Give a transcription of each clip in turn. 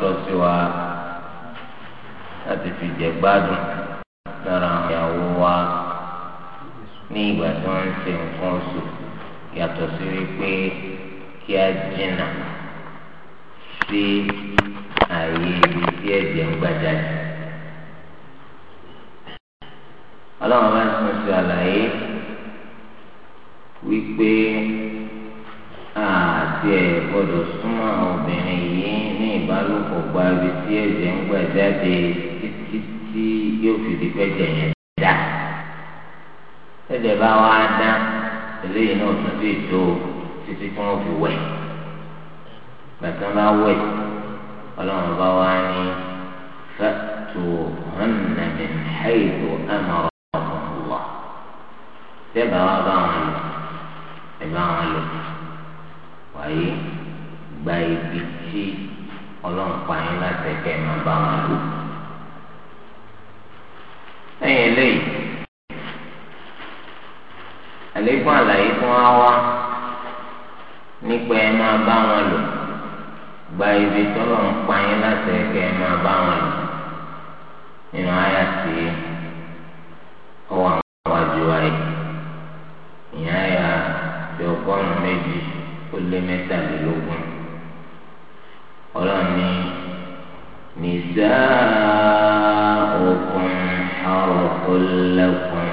tọ́ sí wa láti fi jẹ gbádùn lára ìyàwó wa ní ìgbà tí wọ́n ń ṣe nǹkan oṣù yàtọ̀ sí wípé kí a jìnnà sí ààyè ibi tí ẹ̀jẹ̀ ń gbàjà yìí. ọlọ́run bá ń sọ sí àlàyé wípé àti ẹ̀ gbọ́dọ̀ súnmọ́ obìnrin ìbálòpọ̀ gba ibi tí ẹ̀jẹ̀ ń gbà jáde títí tí yóò fi di pẹ́jẹ̀ yẹn dá. ẹ̀jẹ̀ bá wá dá eléyìí náà tún bí ètò títí tí wọ́n fi wẹ̀. bàtà bá wẹ̀ ọlọ́run bá wá ní fẹ́tù hànàmì hàìdù ẹ̀mọ̀rọ̀ ọ̀pọ̀lọpọ̀. tẹ́bà wá bá wọn lò ẹ̀ wọn lò wáyé gba ibi tí. ọlọ́run pa yín láti ẹ̀kẹ́ ẹ̀ máa bá wọn lò. lẹ́yìn eléyìí àlékún àlàyé fún wa wá nípa máa bá wọn lò gba ibi tọ́lọ̀ ń pa yín láti ẹ̀kẹ́ ẹ̀ máa bá wọn lò nínú àyà tí ọwọ́ àwọn àwájú wa yìí ìyá ọgọ́rùn ọlọ́run ní nisa'ukum harthun lakum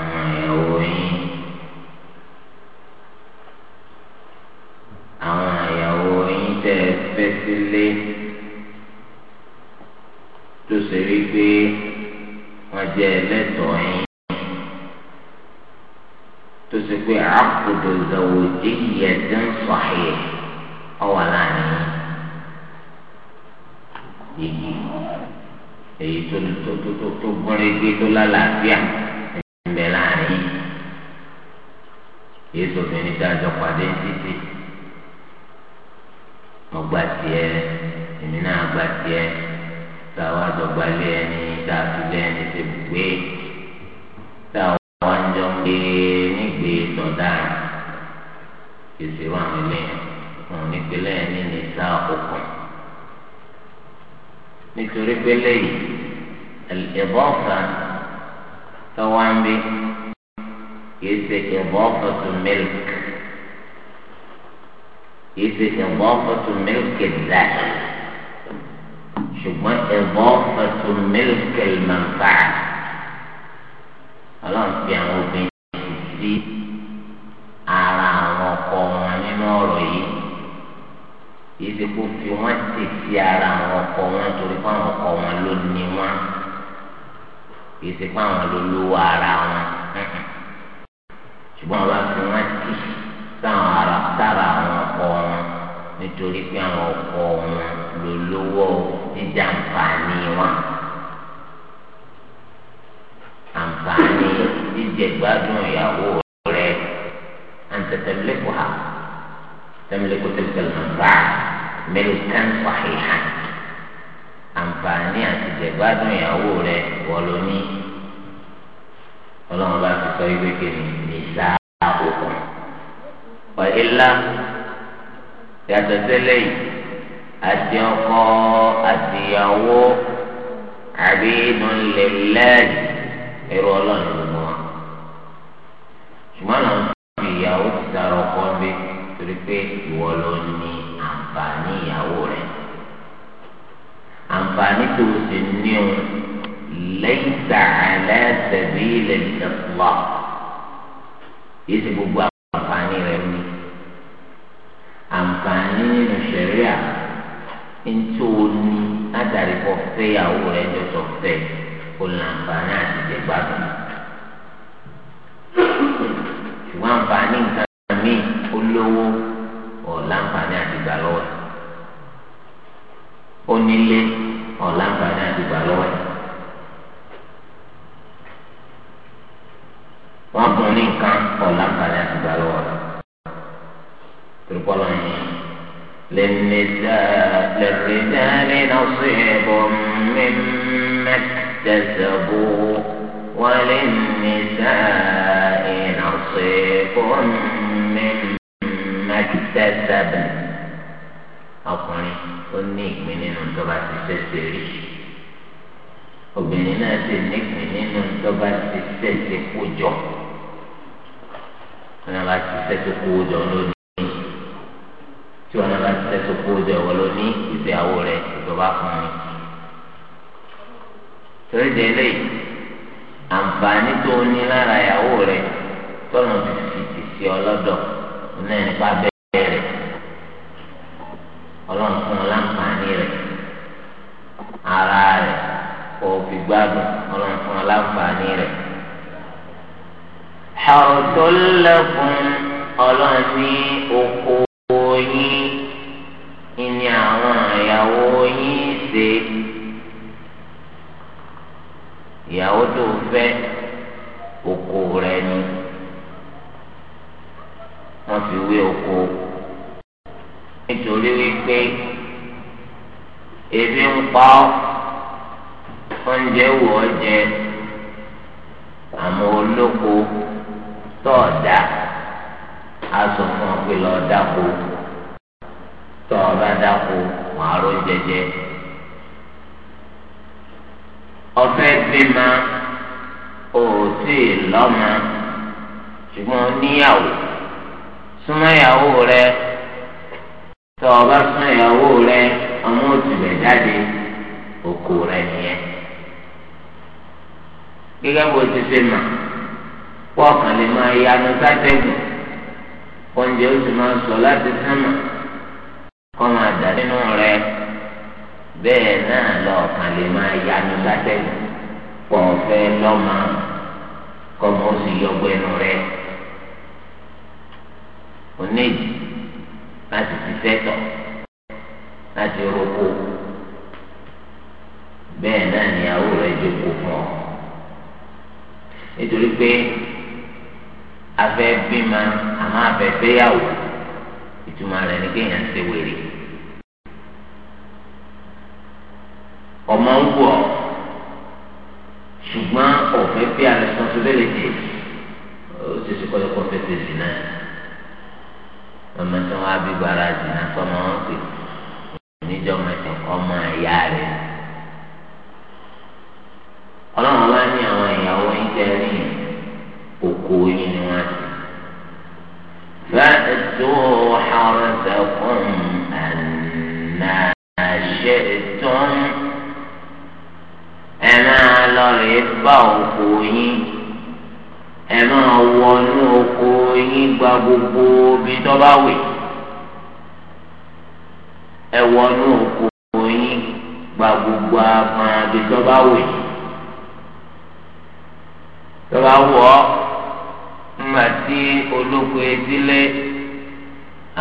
àwọn ìyàwó yín àwọn ìyàwó yín tẹ́ ẹ fẹ́ sílé tó ṣe rí pé wọ́n jẹ́ ẹlẹ́tọ̀ọ́ yín tó ṣe pé àkùdù zawjiyyah sahih ọwọ́ láàrin igi èyí tó tó tó tó tó gbọ́nrégé tó lálàáfíà ẹ̀mẹ́ láàrin èyí tó fi ní dájọ́ pàdé títí mo gba tiẹ̀ èmi náà gba tiẹ̀ táwa dọ̀gba lé ẹni tá a fi lé ẹni ti gbé táwa ń jọ gbé nígbè tọ̀dá ìṣirò àwọn eléyìí òun nípínlẹ̀ ní nìta òkun nítorí pé lẹ́yìn ẹ̀bọ́ọ̀fà tọ́wáńbí kìí ṣe ẹ̀bọ́ọ̀fà tó mílk kìí ṣe ẹ̀bọ́ọ̀fà tó mílk ẹ̀dá ṣùgbọ́n ẹ̀bọ́ọ̀fà tó mílk ẹ̀lmọ̀fà ọlọ́run fi àwọn obìnrin. ṣe kó fi wọn ti ti ara àwọn ọkọ wọn torí pé àwọn ọkọ wọn ló ní wọn kì í ṣe pé àwọn ló lówó ara wọn ṣùgbọ́n wọn fi wọn ti sáwọn ara sára àwọn ọkọ wọn nítorí pé àwọn ọkọ wọn ló lówó jíjà nǹfààní wọn àǹfààní jíjẹgbádùn ìyàwó rẹ àǹtẹ̀tẹ̀ lẹ́kọ̀ọ́ tẹ̀mílẹ́kọ̀ọ́ tẹ̀mílẹ́kọ̀ọ́ tẹ̀mílẹ́kọ̀ọ́ mẹlẹkan wàhíhà àǹfààní àti jẹgbádùn ìyàwó rẹ wọlọ ní Ọlọ́run bá ti sọ ìwé kìíní nìṣá àkókò ọ̀hìnlá yàtọ̀ sẹ́lẹ̀ yìí àti ọkọ àti ìyàwó àbí nùlẹ̀lẹ́ẹ̀dì ẹ̀rọ Ọlọ́run ló mọ́ ṣùgbọ́n àwọn ìyàwó ti dára ọkọ ń torí pé ìwọ ló ní àǹfààní ìyàwó rẹ̀ àǹfààní tó o sì ní o lẹ́yìn sàálẹ̀ tẹ̀lé ilẹ̀ ìdẹ́fúlọ̀ yìí ti gbogbo àǹfààní rẹ̀ ní àǹfààní nínú sẹ̀ríà ntí o ní látàrí kọ fẹ́ ìyàwó rẹ̀ jọjọ fẹ́ kó làǹfààní àti ìjẹgbàdùn ṣùgbọ́n àǹfààní nǹkan mi olówó ọ̀ làǹfààní onílé ọ̀làǹfààní àti ìgbà lọ́wọ́ ẹ̀. wọ́n bùn ní nǹkan ọ̀làǹfààní àti ìgbà lọ́wọ́ ẹ̀. tìrìkọ́lọ́ ni للرجال نصيب مما اكتسبوا وللنساء نصيب مما اكتسبن ọkùnrin ó ní ìpín nínú tọ́ba ti ṣẹ̀ṣẹ̀ rí obìnrin náà sì ní ìpín nínú tọ́ba ti ṣẹ̀ṣẹ̀ kó jọ wọn bá ti ṣẹ̀ṣẹ̀ kó jọ lónìí tí wọn bá ti ṣẹ̀ṣẹ̀ kó jọ wọn lónìí ìgbéyàwó rẹ ìjọba fún mi torí délé àǹfààní tó ní lára ìyàwó rẹ tọ́nà ti fi ti sí ọlọ́dọ̀ náà nípa bẹ́ẹ̀ ọlọ́run fún ọ láǹfààní rẹ̀ ara rẹ̀ kò fi gbádùn ọlọ́run fún ọ láǹfààní rẹ̀. حرث لكم ọlọ́ọ̀ni oko yín ìní àwọn ìyàwó yín ṣe ìyàwó tó fẹ́ oko rẹ̀ ni wọ́n fi wé oko nítorí wípé ebi ń pa oúnjẹ wò ó jẹ àmọ́ olóko tọ̀ọ̀dà aṣọ fún ọ pé lọ dáko tọ̀ọ̀bá dáko wàá ró jẹjẹ ọfẹ́ bímọ òòtí lọ́mọ ṣùgbọ́n níyàwó súnmọ́ ìyàwó rẹ̀ tọ ọba fún ìyàwó rẹ ọmọ òtùbẹ jáde oko rẹ nìyẹn gẹ́gẹ́ bó ti ṣe mà pọkàn lè máa yanu sátẹgùn oúnjẹ ó sì máa sọ láti sánmà kọ́ máa dà nínú rẹ bẹ́ẹ̀ náà lọ́ọ̀kan lè máa yanu sátẹgùn pọ̀ fẹ́ lọ́mọ kọ́ mọ́ ó sì rẹ onídìí láti ṣiṣẹ́ tọ̀ láti roko bẹ́ẹ̀ náà ni àwọn rẹ̀ jókòó fún ọ. nítorí pé afẹ́ bímọ àmọ́ afẹ́ fẹ́yàwó ìtumọ̀ rẹ̀ ni kéèyàn ṣe wèrè. ọmọ ń wọ̀ ṣùgbọ́n ọ̀fẹ́ bí a lè lè dé ó ti ṣe kọ́lẹ́kọ́ fẹ́ fèsì náà ọmọ tí wọn bí gbára jìnnà sọmọ wọn pè níjọ mẹsàn ọmọ ẹyà rẹ Ọlọ́run wá ní àwọn ìyàwó ń ní oko yìí ni wọn ti fẹẹtọ ọhárẹsẹkùn ànáṣẹ tún ẹ máa lọ rè bá oko yìí. ẹ máa wọnú oko yín gba gbogbo omi tó bá wè ẹ wọnú oko yín gba gbogbo àgbọn àbí tó wè tí olóko etílé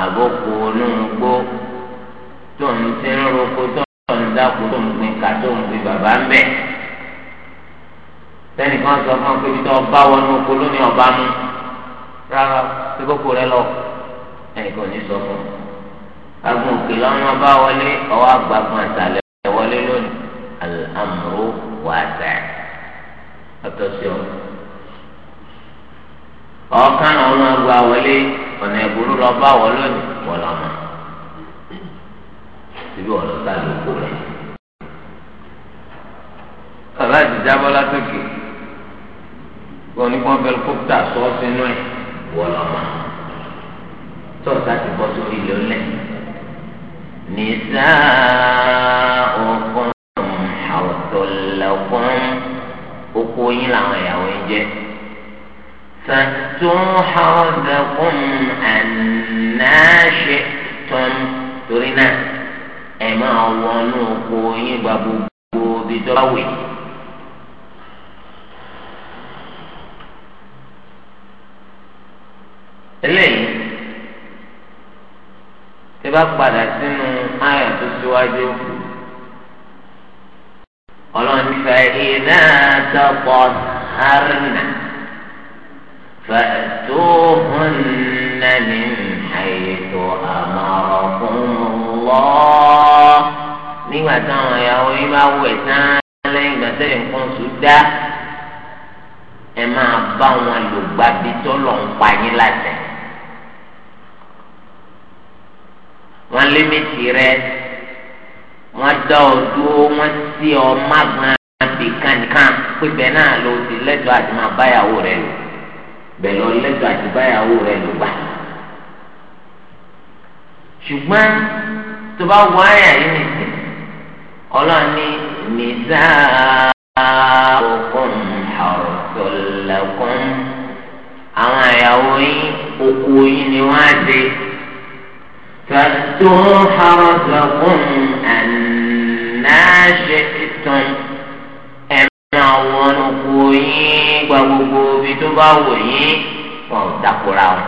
àbòkù onú gbó tó ń ń roko tó ń sẹ́nìkan sọ fún ọ pé títọ́ ọba wọnú oko lónìí ọba mú rárá pé kókó rẹ lọ ẹnìkan ò ní sọ fún ọ. agun òkè lọ́nà bá wọlé ọwọ́ àgbàgbọ́n àtàlẹ́ wọlé lónìí alhamdu wà sẹ́ ọtọ́ sí ọ. ọ̀kan ọ̀nà àgbà wọlé ọ̀nà ìbúrú lọ wọ lónìí wọlọ́ mọ́ síbí ọ̀nà sálẹ̀ òkú rẹ̀. bàbá àti jábọ́ látòkè wọn ní kí wọn fẹ́ kópútà sọ ọ sínú ẹ wọ́n lọ mọ́ tọ́ọ̀tà ti bọ́ sórí ilé ọlẹ́ nisaakum hawtulakum oko yín làwọn ìyàwó yín jẹ́ fẹtún hawtulakum anáṣẹ tán torí náà ẹ máa wọnú oko yín gba gbogbo bí tọ́wé. eléyìí tí bá padà sínú ayọ̀ tó síwájú ọlọ́run fẹ̀yìnà tọpọ̀ hárínà فأتوهن من حيث أمركم الله nígbà táwọn ìyàwó yín bá wẹ̀ tán lẹ́yìn ìgbà tẹ́lẹ̀ nǹkan oṣù dá ẹ máa bá wọn lò gbàdí tó lọ́n pa yín láti. wọ́n límìtì rẹ̀ wọ́n dá ọ dúró wọ́n sí ọ mágbọ́n àbíkan nìkan pípẹ́ náà ló ti lẹ́tọ̀ọ́ àti máa báyàwó rẹ̀ lò bẹ̀rẹ̀ ọ lẹ́tọ̀ọ́ àti báyàwó rẹ̀ lò gbà. ṣùgbọ́n tó bá wọ àyà yìí nìkan ọlọ́ọ̀ni nìzáà òkun ọ̀rọ̀tọ̀ lẹ́kùn àwọn àyàwó yín oko yín ni wọ́n á dé. فأتوا حرثكم أنا شئتم أمنا ونقوي وقوب تبوي فتقوا لهم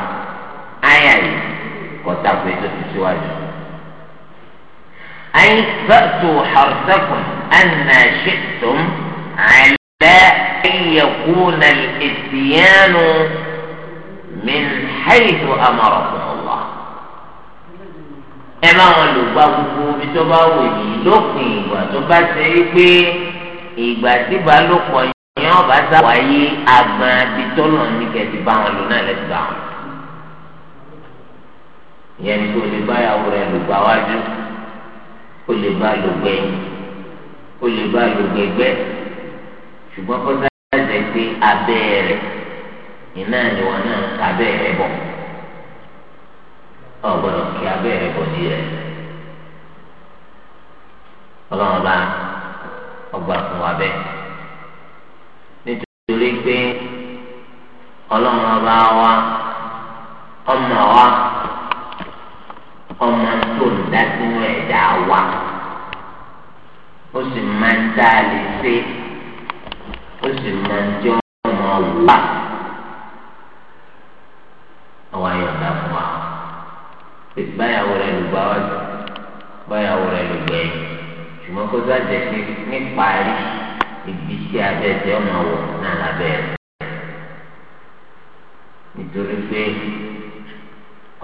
آية فتقوا تتسوى أي فأتوا حرثكم أنا شئتم على أن يكون الإتيان من حيث أمركم ẹ bá wọn lò gba gbogbo bí tó bá wò yìí lópin ìgbà tó bá ṣe é pé ìgbà tí balùpọ̀ yẹn ọba sá wáyé agbọn bí tó lọ ní kẹ̀tì bá wọn lò náà lẹ́sìn àwọn. ìyẹn ni kò lè báyàwó rẹ lò gba wájú kò lè bá lò gbẹ̀yìn kò lè bá lò gbẹ̀gbẹ́ ṣùgbọ́n kó sáà jẹ́ pé abẹ́ rẹ̀ iná ni wọn náà kábẹ́ rẹ̀ bọ̀ wọn gbọ́dọ̀ kí abẹ́rẹ́ bọ̀dí rẹ̀ ọlọ́run bá ọgbà fún wa bẹ́ẹ̀ nítorí pé ọlọ́run bá wa ọmọ wa ọmọ tó ń dá sínú ẹ̀dá wa ó sì máa ń dá a lè ṣe ó sì máa ń jẹ́ ọmọ wa àwọn ayọ̀ náà. tètè báyàwó rẹ̀ ló gbà wájú báyàwó rẹ̀ ló gbẹ̀ ṣùgbọ́n kó ibi tí abẹ́ẹ̀tẹ́ ọmọ náà lábẹ́ nítorí pé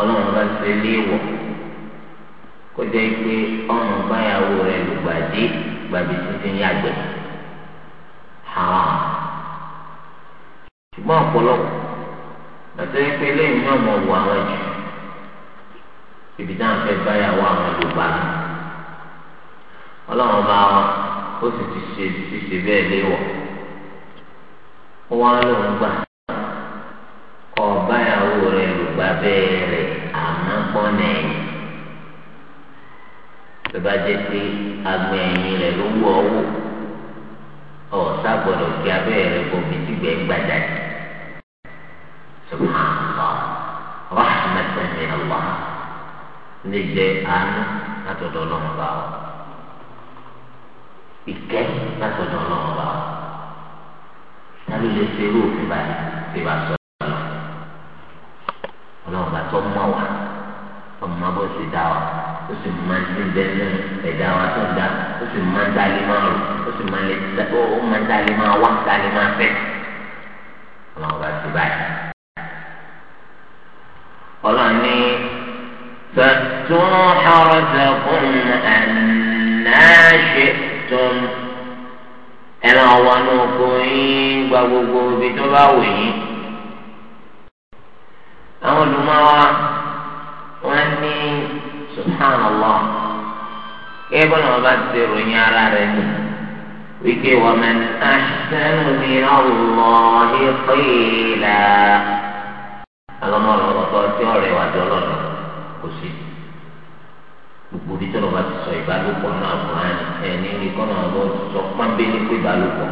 ọlọ́run bá ṣe kó jẹ́ pé ọmọ báyàwó rẹ̀ ló gbàdé gbàdé tuntun yàgbẹ́ ṣùgbọ́n ọ̀pọ̀lọpọ̀ lọ́tọ́ pé lẹ́yìn náà mọ̀ wọ àwọn ibi tá à ń fẹ́ gbáyàwó àwọn yorùbá ni ọlọ́run bá wọn ó sì ti ṣe ti ṣe bẹ́ẹ̀ léwọ̀ ó wá lóun gbà kọ́ báyàwó rẹ̀ yorùbá bẹ́ẹ̀ rẹ̀ àmọ́ gbọ́n ẹ̀yìn tó bá jẹ́ pé agbọ̀n ẹ̀yìn rẹ̀ ló wú ọwọ́ ọ̀ sábọ̀dọ̀ kí abẹ́ẹ̀ rẹ̀ kò fi ti gbẹ́ gbàdá subhanallah níjẹ àánú látọ̀dọ̀ ọlọ́run bá wa ìkẹ́ látọ̀dọ̀ ọlọ́run bá wa tábí lè ṣe irú òfin báyìí ṣe bá sọ ọlọ́run ọlọ́run bá tọ́ mọ́ wa ọmọ bó ṣe dá wa ó sì máa ń ti bẹ́ẹ̀ ẹ̀dá wa tó ń dá ó sì máa ń dálé máa rò ó sì máa ń lè ó máa ń dálé máa wá dálé máa fẹ́ ọlọ́run bá ṣe báyìí ọlọ́run ní. فأتوا حرثكم أنا شئتم ẹnu àwọn ọkọ yín gba gbogbo ibi tó bá wù yín àwọn olùmọ̀wá wọn ní subhanallah kí ẹbọn náà bá ti ròyìn ara rẹ ní wíkẹ́ wọ́n mẹ́ni ahsanu min Allahi qila alọ́mọ ọ̀rọ̀ ọ̀tọ̀ tí ọ̀rẹ́ wà jọ lọ́dọ̀ kò sí gbogbo bí tọ́lọ̀ bá ti sọ ìbálòpọ̀ náà fún ẹ ní ní kọ́nà ọ̀bọ sọ pọ́nbélé pé ìbálòpọ̀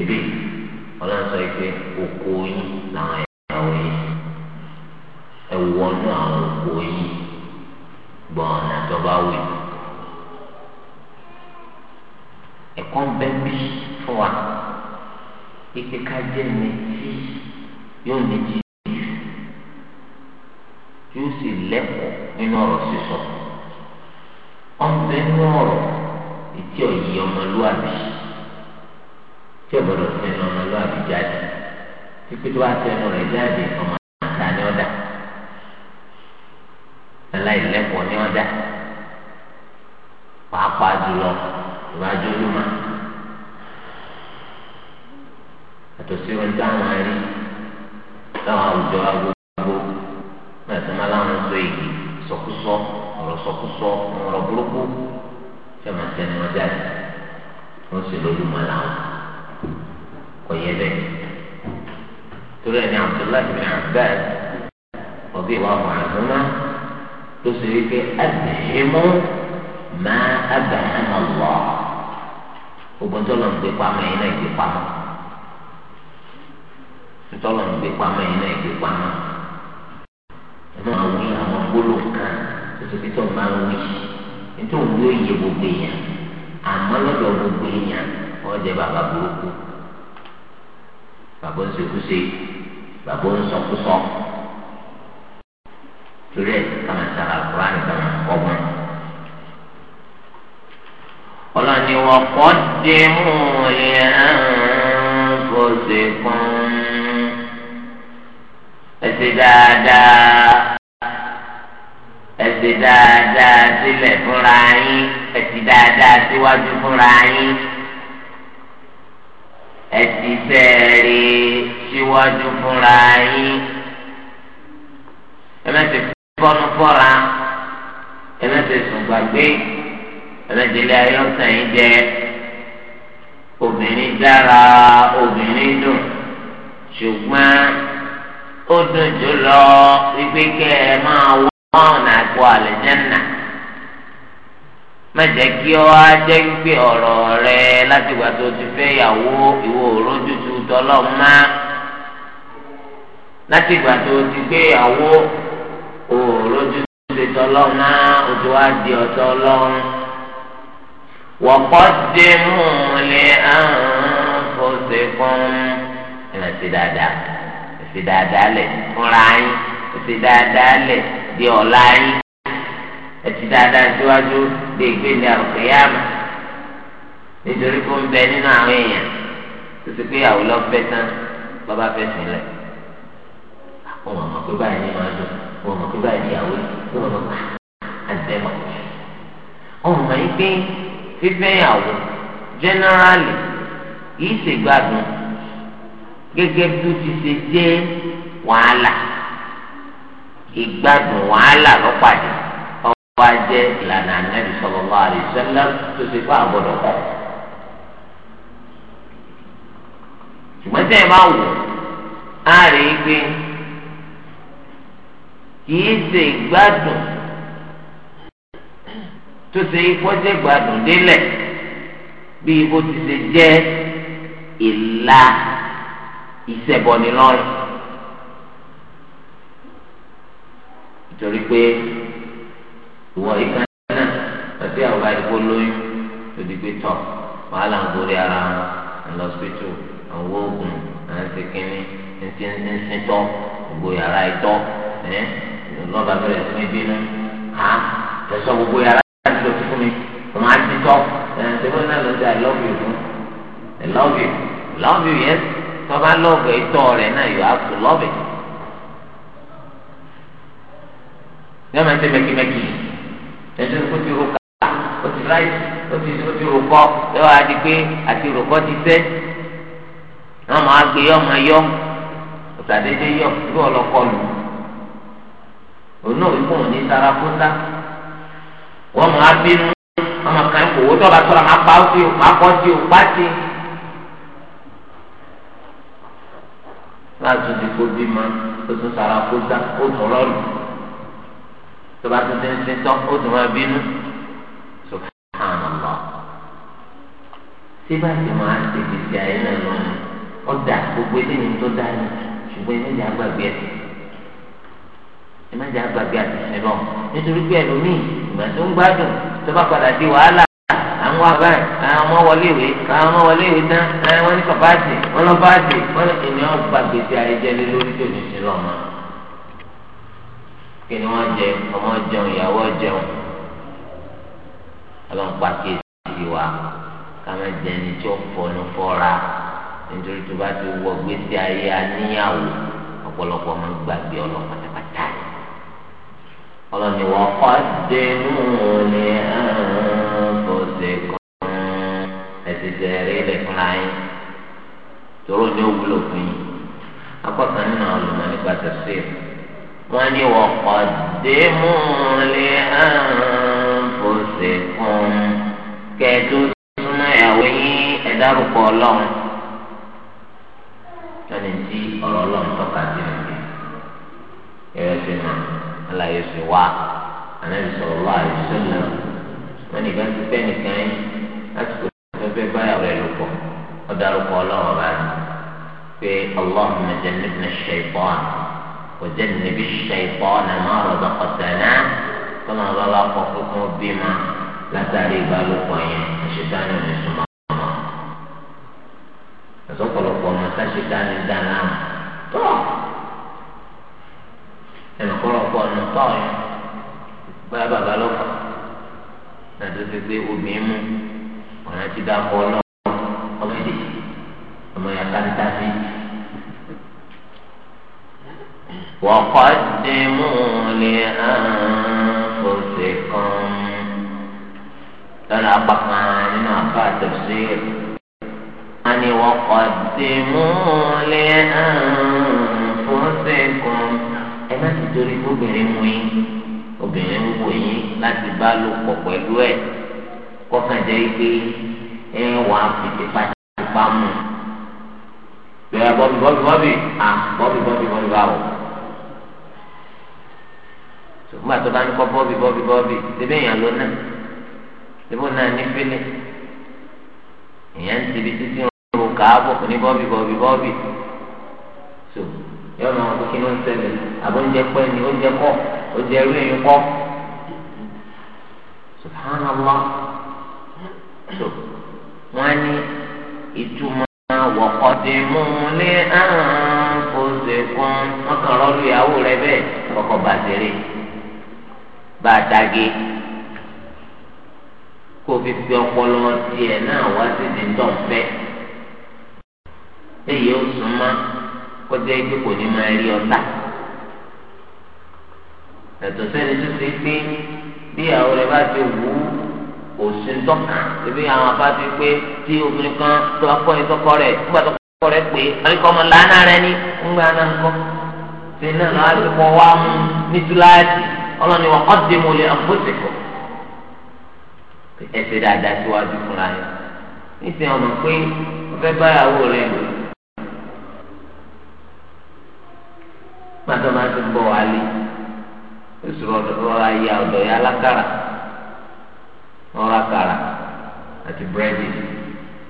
ebi ọlọ́run sọ pé oko yín làwọn ìyàwó yín ẹ wọnú àwọn oko yín gbọ̀n àtọ́bá wì ẹ̀kọ́ bẹ́ẹ̀ bí fún wa ike ká jẹ́ ní tí yóò ní jí yóò sì lẹ́kọ̀ọ́ nínú ọ̀rọ̀ sísọ ọ̀nbẹ nínú ọ̀rọ̀ etí ọ̀yí ọmọlúwàbí tí ọ̀gbọ̀dọ̀ sẹ́nu ọmọlúwàbí jáde pípé tó bá sẹ́nu rẹ̀ jáde ọmọ àtà ni ọ̀dà aláìlẹ́kọ̀ọ́ ni ọ̀dà pàápàá jùlọ ìwájú olúmọ àtọ̀síwọ̀n táwọn ẹ̀rí táwọn àwùjọ agbó. náà tí wọn láwọn sọ èyí sọkúsọ ọ̀rọ̀ sọkúsọ ọ̀rọ̀ burúkú sẹmọ sẹni wọn jáde wọn sì lórí wọn làwọn kò yẹ bẹ́ẹ̀ torí ẹni Abdullahi bin Abbas ọbí wa mọ àdúrà tó sì rí pé máa lọ lọ ń gbé náà gbé ń gbé náà gbé ẹ̀mọ́ àwọn ní àwọn gbólóǹkà tòṣèpé tó máa ń wí nítorí òun yóò yẹ gbogbo èèyàn àmọ́ lọ́dọ̀ gbogbo èèyàn wọ́n jẹ́ bàbá burúkú bàbá ńṣekúṣe bàbá ńsọkúsọ torí ẹ̀ kàmá sara kúránì kàmá kọ́mọ́. ọlọ́ni wọ́n kọ́ dé mú ìyá kó ṣe fún ẹsẹ dáadáa ẹsẹ dáadáa sílẹ̀ fúnra yín ẹsẹ dáadáa síwájú fúnra yín ẹsẹ sẹẹrí síwájú fúnra yín ẹmẹsẹ fọnú fọra ẹmẹsẹ sùngbàgbé ẹmẹsẹ ilé ayé ọsàn yín jẹ obìnrin dára obìnrin dùn ṣùgbọ́n. ó dùn jù lọ wípé kẹ ẹ máa wọ ọ̀nà àgbo àlẹ́jẹ́nà má jẹ́ kí ọ á jẹ́ wípé ọ̀rọ̀ rẹ láti gbà tó ti fẹ́ yàwó ìwọ òrójútu tọlọ́mà láti gbà tó ti gbé yàwó òrójútu tọlọ́mà òjò á di ọ̀tọ̀ ọlọ́run wọ́pọ̀ dé mú un lé àrùn ìrántí dáadáa. ṣe dáadáa lẹ̀ fúnra yín ṣe dáadáa lẹ̀ di ọ̀la yín ẹ ti dáadáa síwájú di ìgbéni àrùkẹ́yàmù nítorí kó ń bẹ nínú àwọn èèyàn tó ti pé àwọn lọ́fẹ́ tán bàbá fẹ́ sílẹ̀ wọn mọ̀ pé báyìí ni màá dùn wọn mọ̀ pé báyìí ni ìyàwó yìí wọn ah, mọ̀ pé àǹtẹ̀ mọ̀ wọn mọ̀ yìí pé fífẹ́ ìyàwó jẹ́nẹ́rálì yìí ṣègbádùn gẹ́gẹ́ bí ó ti ṣe jẹ́ wàhálà ìgbádùn wàhálà lọ́pàdé ọba jẹ́ ìlànà ànábì sallallahu alaihi wasallam tó ṣe fún àgbọ̀dọ̀ kọ́. ṣùgbọ́n tẹ́ ẹ máa wò á rí i pé kìí ṣe ìgbádùn tó ṣe ìfọ́jẹ́ gbádùn délẹ̀ bí ó ti ṣe jẹ́ ìlà ìṣẹ̀bọ̀ ní lọ́rùn nítorí pé ìwọ ìkan náà àti àwọn àìkú lóyún lòdì pé tọ̀ wàhálà ń gorí ara wọn lọ́sítù àwọn oògùn àti kínní ntí ntí tọ́ gbogbo yàrá ìtọ́ ẹ̀ lọ́ba bẹ̀rẹ̀ sí ní bínú ha tẹ̀sọ́ gbogbo yàrá ìtọ́ ti fún mi wọ́n á ti tọ́ ẹ̀ ṣẹ́gun náà lọ́sẹ̀ i love you i love you love you yes tọ́ba lọ́ọ̀gẹ̀ ìtọ́ rẹ̀ náà yóò àtò lọ́ọ̀bẹ̀. yọ́n máa ń ṣe mẹ́kímẹ́kí ẹ̀ṣẹ́ kó ti ro ká ó ti ráìsì ó ti ó ti ro kọ́ lọ́wọ́ adi pé àti ro kọ́ ti sẹ́ wọ́n máa gbé yọ́ máa yọ́ òtàdédé yọ́ bí ọlọ́kọ́ lù òun náà wípé òun ní sara fún sá wọ́n máa bínú ọmọ kan kò wó tọ́ba tọ́ra máa pa ó sí o máa kọ́ sí o pa sí i. láti di kó bí ma ó tún sara kó dá ó tún lọ́lù tó bá tún ti ń sin tán ó tún máa bínú subhanallah síbà tí màá ti di ti ayé náà lọ ọ̀dà gbogbo eléyìí tó dá ní ṣùgbọ́n ẹ̀mẹ́jà gbàgbé ẹ̀ ẹ̀mẹ́jà gbàgbé àti sinimá nítorí pé ẹlòmíì ìgbà tó ń gbádùn tó bá padà di wàhálà àwọn abáyé àwọn ọmọ wọlé ìwé àwọn ọmọ wọlé ìwé tán ẹ wọn ní kọfáàtì wọn lọ fáàtì wọn ní ènìyàn gba gbèsè ayẹjẹlé lórí tó nìṣẹ lọmọ kí ni wọn jẹ ọmọ jẹun ìyàwó jẹun Ọlọ́run pàkíyèsí wa káwọn jẹ ẹni tí ó fọnú fọra nítorí tó bá ti wọ gbèsè ayé aníyàwó ọ̀pọ̀lọpọ̀ máa gbàgbé ọlọ́pàá pátápátá Ọlọ́run ni wọn kọ dénú ní ẹrù. أنفسكم أتداري لكلاين ترون يوبلو فيه أقوى كان علماء بتفسير وأن وقدموا لأنفسكم كتب ìyàwó yín ẹ̀dá rúkọ ọlọ́run lọ́ni tí ọ̀rọ̀ ọlọ́run tọ́ka sí ẹ̀mí ẹ̀rẹ́ sí ma aláyé sí wa ànábì sọ̀rọ̀ wá àyè sílẹ̀. wọn nìkan ti fẹ́ nìkan yín lásìkò fẹ́fẹ́ báyà rẹ̀ ló pọ̀ ó darúkọ ọlọ́run bá rẹ̀ pé allahumma jannibna ash-shaytan wa jannibi ash-shaytan máa razaqtana kọ́nà ọlọ́lá kọ́ lọ́ọ́ lọ́ọ́ fúnfún bímọ látàrí ìbálòpọ̀ yẹn ṣètánì ní súnmọ́ ọmọ. àsọpọ̀lọpọ̀ ọmọ tá ṣètánì dáná tó ẹnìkọ́lọ́pọ̀ ọ̀nà pọ̀ yẹn bá bàbá lọ́kọ̀ọ́. nàdó ti pé obìnrin mú ọ̀nà ti dá kọ́ náà ọmọ èdè ọmọ yà káńtà sí. وقدموا لأنفسكم ترى بقانا فتفسير أن وقدموا لأنفسكم أما تدركوا برموين obìnrin ń wò yín láti bá lò pọ̀ pẹ̀lú ẹ̀ kọ́kàn jẹ́ pé ẹ wà fi tipátipá mú bẹ́ẹ̀ bọ́bí bọ́bí bọ́bí à bọ́bí bọ́bí bọ́bí báwò ṣùgbọ́n àti ọba ní kọ́ bọ́bí bọ́bí bọ́bí ṣébí èèyàn ló náà ṣébí òun náà ní fílẹ̀ èèyàn ń tibi títí ro kàábọ̀ ní bọ́bí bọ́bí bọ́bí so yọ̀ọ́ náà kí ló ń ṣẹlẹ̀ àbóúnjẹ pẹ́ ni oúnjẹ kọ́ ó jẹ irú èyí kọ́ subhanallah so wọ́n á ní ìtumọ̀ wọ̀kọ̀dé múlé àǹfọ̀sẹ̀kùn wọ́n kàn rọ́ọ̀lù ìyàwó rẹ bẹ́ẹ̀ kọ́kọ́ bàtẹ́rẹ́ bá a dage kó fi fi ọpọlọ tiẹ̀ náà wá sí ti ń tọ̀ èyí ó súnmọ́ kó jẹ́ pé kò ní máa rí ọ̀tá ẹ̀tọ́ sẹ́ni tó ti pé bí àwọn rẹ̀ bá ti wù ú kò sí tọ́ka ebi àwọn abá ti pé tí obìnrin kan tó bá kọ́ ìtọ́kọ rẹ̀ nígbà tó kọ́ rẹ̀ pé àríkọ́ ọmọ lánà rẹ̀ ní ńgbà náà ń kọ́ ṣe náà lọ́wọ́ àti pọ̀ wá mú ní túláàtì ọlọ́ni wọn kọ́ dé mo lè àpótìkọ̀ ẹsẹ̀ dáadáa síwájú fúnra yẹn nísìnyí ọmọ pé o fẹ́ báyàwó rẹ̀ lò gbàtọ́ máa ti bọ̀ wálé oṣù rọra ya ọ̀dọ̀ ya alákàrà rọra kàrà àti búrẹ́dì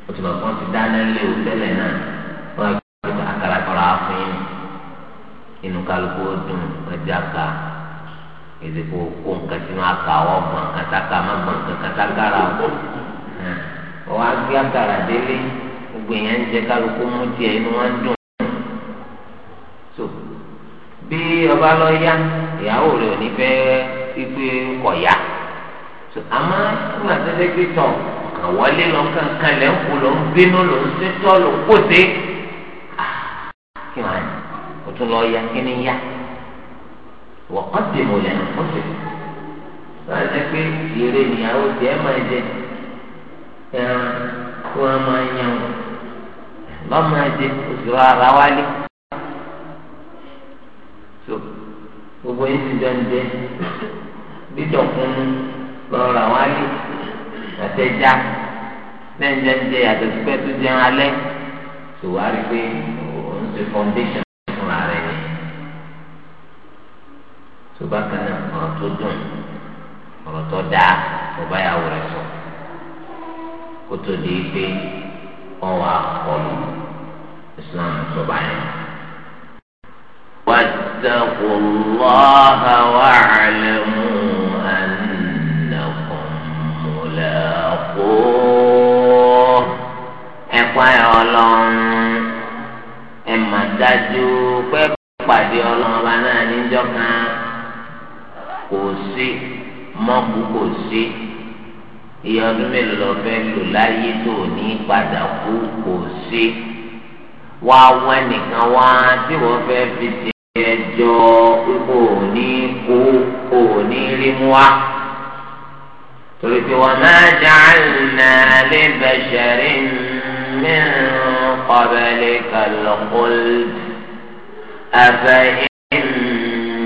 oṣù lọ́kọ́ ti dáná lé o tẹ́lẹ̀ náà wọ́n á gbé àkàrà kọ́ra fún yín inú kálukú ó dùn ẹja ká èdè kó kó nǹkan sínú àkà ọgbọ̀n kàtàkà mọ́gbọ̀n kàtàkàrà wọ́n á gbé àkàrà délé gbogbo èèyàn ń jẹ kálukú mú tiẹ̀ inú wọn dùn bí ọba lọ yá ìyàwó rẹ ò ní fẹ́ pípé kọ̀ yá àmọ́ nígbà tó dé pé tọ̀ kàn wọlé lọ kàn kan lẹ́ ń kú lọ ń bínú lọ ń sétọ́ lọ kóde kí wọ́n á o tún lọ ya kí ni yá wọ́n kọ́ tèmọ̀ lẹ́nu fún tèmọ̀ wọ́n á pé ìrè nìyàwó tí ẹ máa jẹ ẹran kí wọ́n máa yan wọ́n oṣù ara wálé so gbogbo yìí ti dẹ́ndé bídọ̀kún lọ́rọ̀ àwọn ayé àtẹ̀já dẹ́ndéńdé àtẹ̀sípẹ́ tó jẹ́ alẹ́ tó wá rí pé òun ṣe foundation fúnra rẹ̀ ni tó bá kan náà ọ̀rọ̀ tó dùn ọ̀rọ̀ tó dáa tó bá yà wúrẹ̀ sọ kó di pé wọ́n wá Islam tó yẹn. فاتقوا الله واعلموا أنكم ملاقوه ẹ̀kọ́ ẹ̀ ọlọ́run ẹ̀ mà dájú pé pàdé ọlọ́run bá náà níjọ́ kan kò sí mọ́kù kò sí iye ọdún mélòó fẹ́ lò láyé tó ní padà kú kò sí wá wá nìkan wá tí wọ́n fẹ́ fi ti ẹjọ́ pípò ní kú òní rí mú wa torí pé wọn máa ja'alna li basharin min qablikal khuld afa'in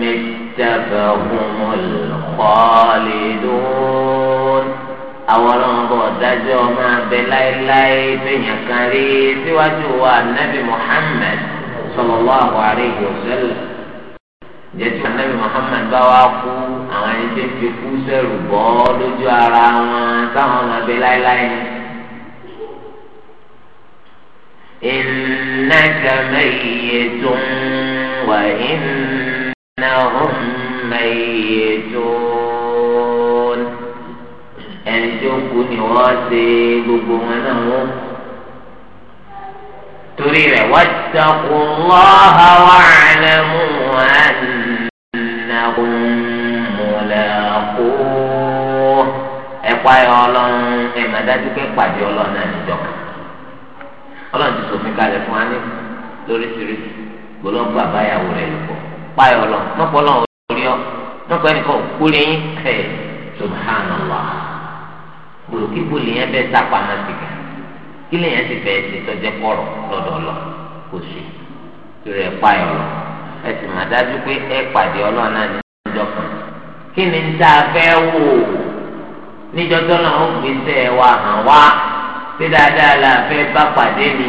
mitta fahumul khalidun. àwọn ọlọ́mọbọ̀ dájọ́ máa bẹ láéláé fẹ̀yìn kan rí síwájú wa nabi Muhammad sallallahu alaihi wasallam jẹ́tí anabi muhammad bá wá kú àwọn ẹni tí ń fi kú sẹ́rù bọ́ lójú ara wọn táwọn ọmọ ẹgbẹ́ láéláé ni. innaka mayyitun wa innahum mayyitun ẹni tí ó kú ni wọ́n ṣe gbogbo wọn náà wọ́n kú. torí rẹ̀ wattaqullaha wa'lamu annakum dájú pé pàdé náà níjọba ọlọ́run ti sòfin kalẹ̀ fún wa ní lóríṣiríṣi gbọ́dọ̀gbà báyàwó rẹ̀ lùpọ̀ páyọ̀ lọ mọ́pọ̀ lọ́wọ́ orí ọ mọ́pọ̀ ẹnìkan kúlẹ̀ yín ẹ̀ subhanallah gbòòkì kúlẹ̀ yẹn sí kí lèyàn ti fẹ́ ṣe tọ́jẹ́ kọ̀rọ̀ lọ́dọ̀ lọ kò sí torí ẹ̀ payọ̀ lọ ẹ sì mà dájú pé ẹ pàdé ọlọ́run náà ní kan kí ni ń tá a fẹ́ wò níjọ́ tó náà ó gbèsè wa hàn wá pé dáadáa la fẹ́ bá pàdé mi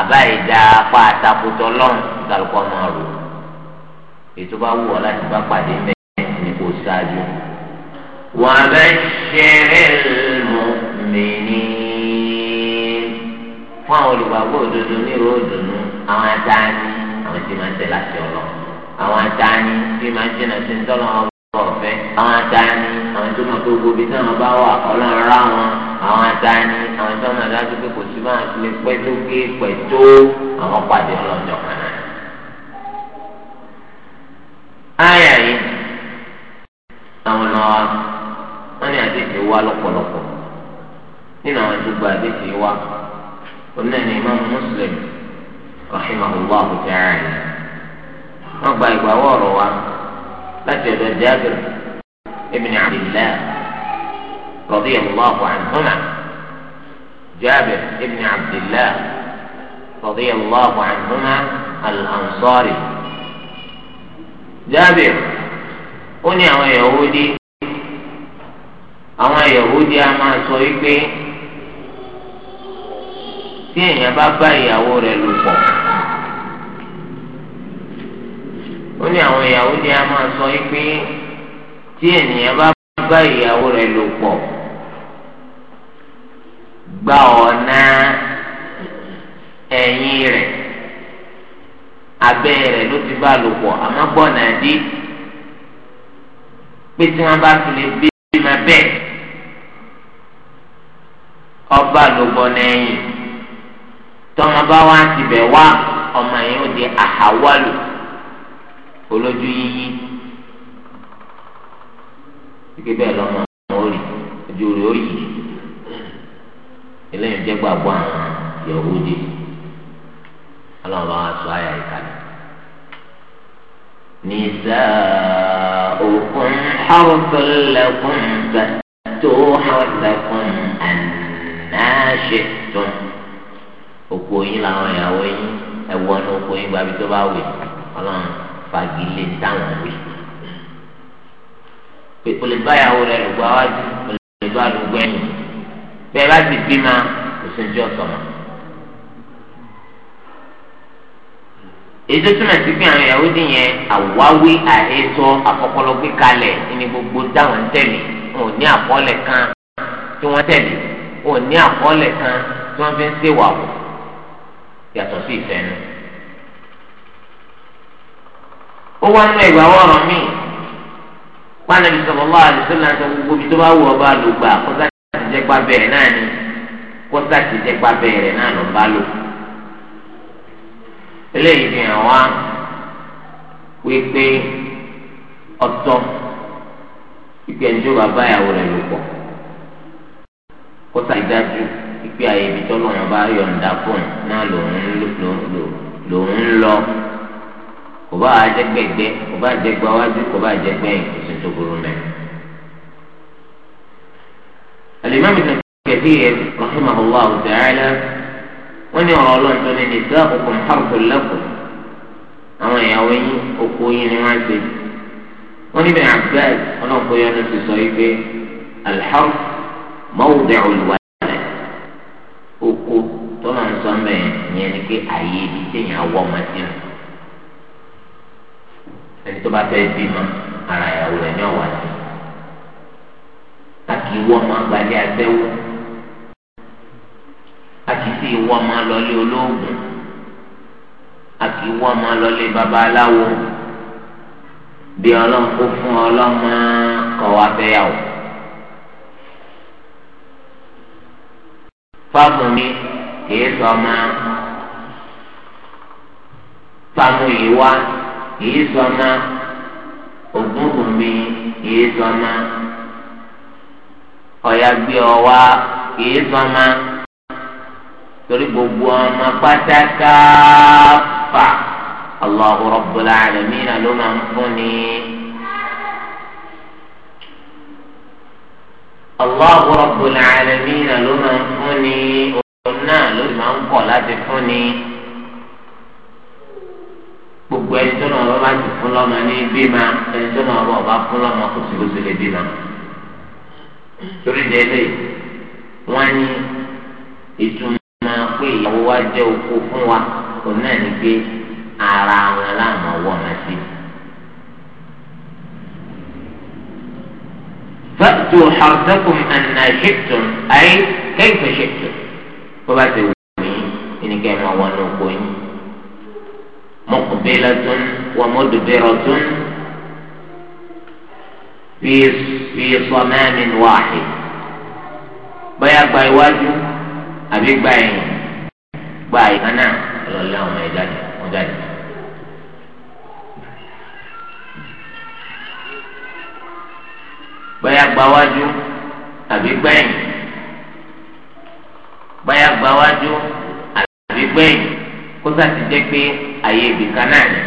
àbá ìdá apá àtakùtọ̀ lọ́run kálukọ́ máa rò ètò bá wù ọ́ láti bá pàdé mẹ́rin ní kò ṣáájú. wàá bẹ́ ṣeré lùmìnir. fún àwọn olùgbàgbọ́ òdodo ní ìró òdòdó àwọn adáni àwọn tí máa ń tẹ̀lé àti ọlọ àwọn adáni tí máa ń jìnnà sí ntọ́lọ́ ọ̀fẹ́ àwọn adáni àwọn tó máa tó gbòbí tí àwọn bá wà ọlọ́run rá wọn àwọn adáni àwọn máa dájú pé kò sí máa pẹ́ tó gé pẹ́ tó قلنا الإمام مسلم رحمه الله تعالى ربا يقواروا لجد جابر ابن عبد الله رضي الله عنهما جابر ابن عبد الله رضي الله عنهما الأنصاري جابر أني يهودي àwọn yahudi a máa sọ wípé tí èèyàn bá bá ìyàwó rẹ̀ lò pọ̀ ó ní àwọn ìyàwó ni a máa sọ yìí pé tí ènìyàn bá bá ìyàwó rẹ̀ lò pọ̀ gba ọ̀nà ẹ̀yìn rẹ̀ abẹ́ rẹ̀ ló ti bá lò pọ̀ àmọ́ gbọ́nà dí pé tí wọ́n bá fi lè bí ma bẹ́ẹ̀ ọba lò ẹ̀yìn. tọmọ bá wá ti bẹ̀ wá ọmọ yẹn ó di àhàwálù olójú yíyí kíkẹ́ bẹ́ẹ̀ lọ́mọ orí ojú rẹ̀ ó yí eléyìí jẹ́ gbàgbọ́ àwọn Yahudi ọlọ́run bá wá sọ ìkàlẹ̀. oko yín làwọn ìyàwó yín ẹ̀wọ́ ní oko yín gbàbí tó bá wè ọlọ́run fagilé táwọn wè. pé o lè bá ìyàwó rẹ lùgbọ́ àwájú o bá lùgbọ́ ẹ̀yìn bẹ́ẹ̀ bá ti bí ma kò sí ní ọ̀sán mọ́. èdè túmọ̀ sí pé àwọn ìyàwó dín yẹn àwáwí àhesọ àkọ́kọ́lọ́ gbé kalẹ̀ ní gbogbo dáwọn ń tẹ̀lé wọn ò ní àkọọ́lẹ̀ kan tí wọ́n tẹ̀lé wọn ò ní àkọọ́lẹ̀ kan tí wọ́n fi ń ṣèwà wọ̀ yàtọ̀ sí ìfẹ́nu. ó wá nínú ìgbà wọ́ọ̀rọ̀ mi pàánà bí sọ̀rọ̀ lọ́wọ́ àdìsọ́ náà sọ gbogbo bí tó bá wù ọba ló gbà kọ́sá ti jẹ́ pa bẹ́ẹ̀ náà ni kọ́sá ti jẹ́ pa bẹ́ẹ̀ náà ló bá lò. eléyìí fi hàn wá wípé ọ̀tọ̀ ìgbẹ́njú bàbá ìyàwó rẹ̀ ló pọ̀ kọ́sá ìdájú pípé àyè ibi tọ́lọ̀ wọn bá yọ̀ǹda fún náà lòun ń lọ kò bá àjẹgbẹgbẹ kò bá àjẹgbẹ wájú kò bá àjẹgbẹ yìí kò sí tó burú mẹ. alimami ibn kathir rahimahullah ta'ala wọn ní ọ̀rọ̀ Ọlọ́run tó ní nisa'ukum harthun lakum àwọn ìyàwó yín oko yín ni wọn ṣe wọn níbẹ̀ àgbẹ̀ ọlọ́kọ̀ yẹn ló ti sọ yìí pé alḥar mawdi'u ìyẹn ni pé àyè ibi téèyàn wọ́ ọmọ sí nù ẹni tó bá fẹ́ bímọ ara ìyàwó rẹ̀ ní ọ̀wà sí kàkì wọ́ ọmọ gbalẹ̀ abẹ́wò àti sí ìwọ́ ọmọ lọ́lé olóògùn àti ìwọ́ ọmọ lọ́lé babaláwo bí ọlọ́run kó fún ọlọ́mọ kọ́ wa fẹ́yàwó. fáàmù mi kìí sọ ọmọ panu yìí wá yìí sọmá ògúnkùnmi yìí sọmá ọ̀yàgbé ọ̀wá yìí sọmá torí gbogbo ọmọ pátákà fà Allahu Rabbul Alamin ló ló máa ń fún ni gbogbo ẹni tó náà bá ti fún lọ́mọ ní bímọ ẹni tó náà bá ọba fún lọ́mọ kò sí lóṣù lè bímọ. torí délé wọn ní ìtumọ̀ pé ìyàwó wa jẹ́ òkú fún wa òun náà ní pé ara wọn láwọn ọwọ́ máa ti. فأتوا حرثكم أن شئتم أي كيف شئتم فبات وين إن كان هو نوكوين مقبلة ومدبرة في في صمام واحد بيا باي واجو أبي باي باي أنا اللهم ما يجاني مجاني báyà gba wájú àbí gbẹ̀yìn báyà gba kó sá ti jẹ́ pé àyè ibìkan náà ni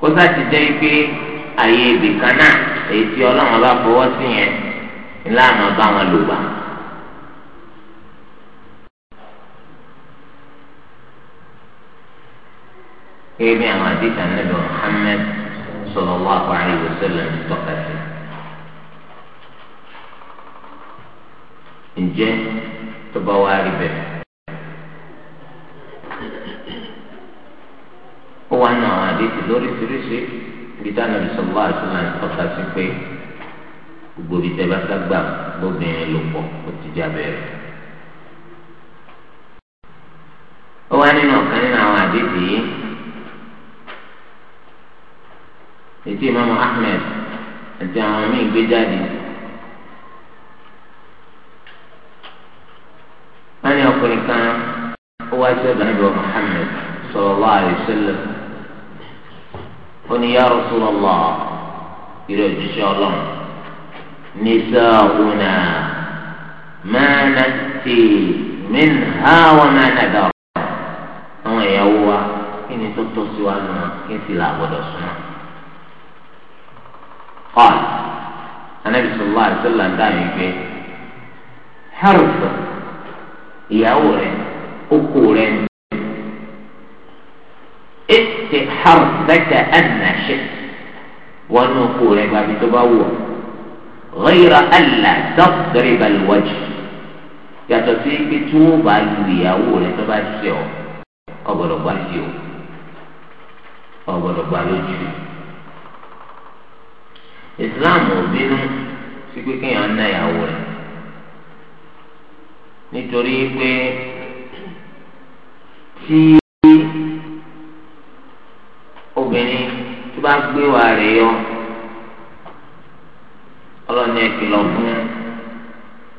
kó sá ti jẹ́ pé àyè ibìkan náà èyí tí ọlọ́run bá fọwọ́ sí yẹn ńlá àmọ́ bá wọn lò wá. gẹ́gẹ́ bí àwọn àdìsá nàbì Muhammad sallallahu alaihi wasallam tọ́ka sí. ǹjẹ́ tó bá wá rí bẹ́ẹ̀. ó wá ní àwọn àdéhùn lóríṣiríṣi ibi táwọn ẹbí sọlá àtúnlá ń tọ́ka sí pé gbogbo ibi tẹ́ bá ságbà gbóbìnrin ló pọ̀ ó ti já bẹ́ẹ̀. ó wá nínú ọ̀kan nínú àwọn àdéhùn yìí ètí ìmáàmù Ahmed àti àwọn míì gbé jáde. wọ́n ní ọkùnrin kan ó wá sí ọ̀dọ̀ níbi Muhammad sallallahu alaihi wasallam oní ya Rasulullah ìrẹ òjíṣẹ́ Ọlọ́run nisauna ma nati minha wa ma nadar àwọn ìyàwó wa kí ni tó tọ́ sí wa nù kí n sì là gbọ́dọ̀ súnmọ́. قال النبي صلى الله عليه وسلم دائما يقول حرص يا ولد أكو ètè harfẹ́tẹ̀ ẹ̀nà ṣe wọn ní oko rẹ̀ gbàgbé tó bá wù ọ́ ghayra alla tadrib alwajh yàtọ̀ sí pé tí wọ́n bá lu ìyàwó rẹ̀ tó bá ṣe ọ́ ọ̀gbọ̀dọ̀ gbà sí o ọ̀gbọ̀dọ̀ gbà lójú Islam ò bínú sí pé kéèyàn ná ìyàwó rẹ̀ nítorí pé tí. bá gbé wa rè yọ ọlọ́ni ẹ̀kìlọ̀ fún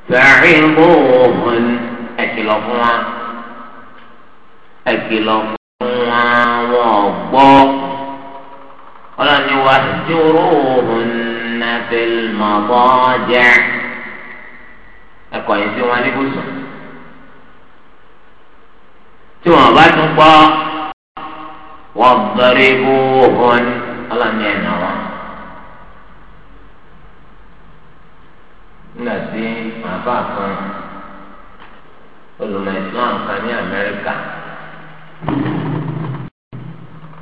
fẹ̀rín bóòhùn ẹ̀kìlọ̀ fún wa ẹ̀kìlọ̀ fún wa wọ́n gbọ́ ọlọ́ni wa jòrò òhun nàfẹ̀lmọ̀bọ́ jẹ́ ẹ̀kọ́ yìí tí wọ́n ní kó tí wọ́n bá tún gbọ́ wọ́n gbẹ́rẹ́ bóòhùn ọlọ́ni ẹ̀nà wọn. nígbà tí màbá kan olùmọ̀ Islam kan ní Amẹ́ríkà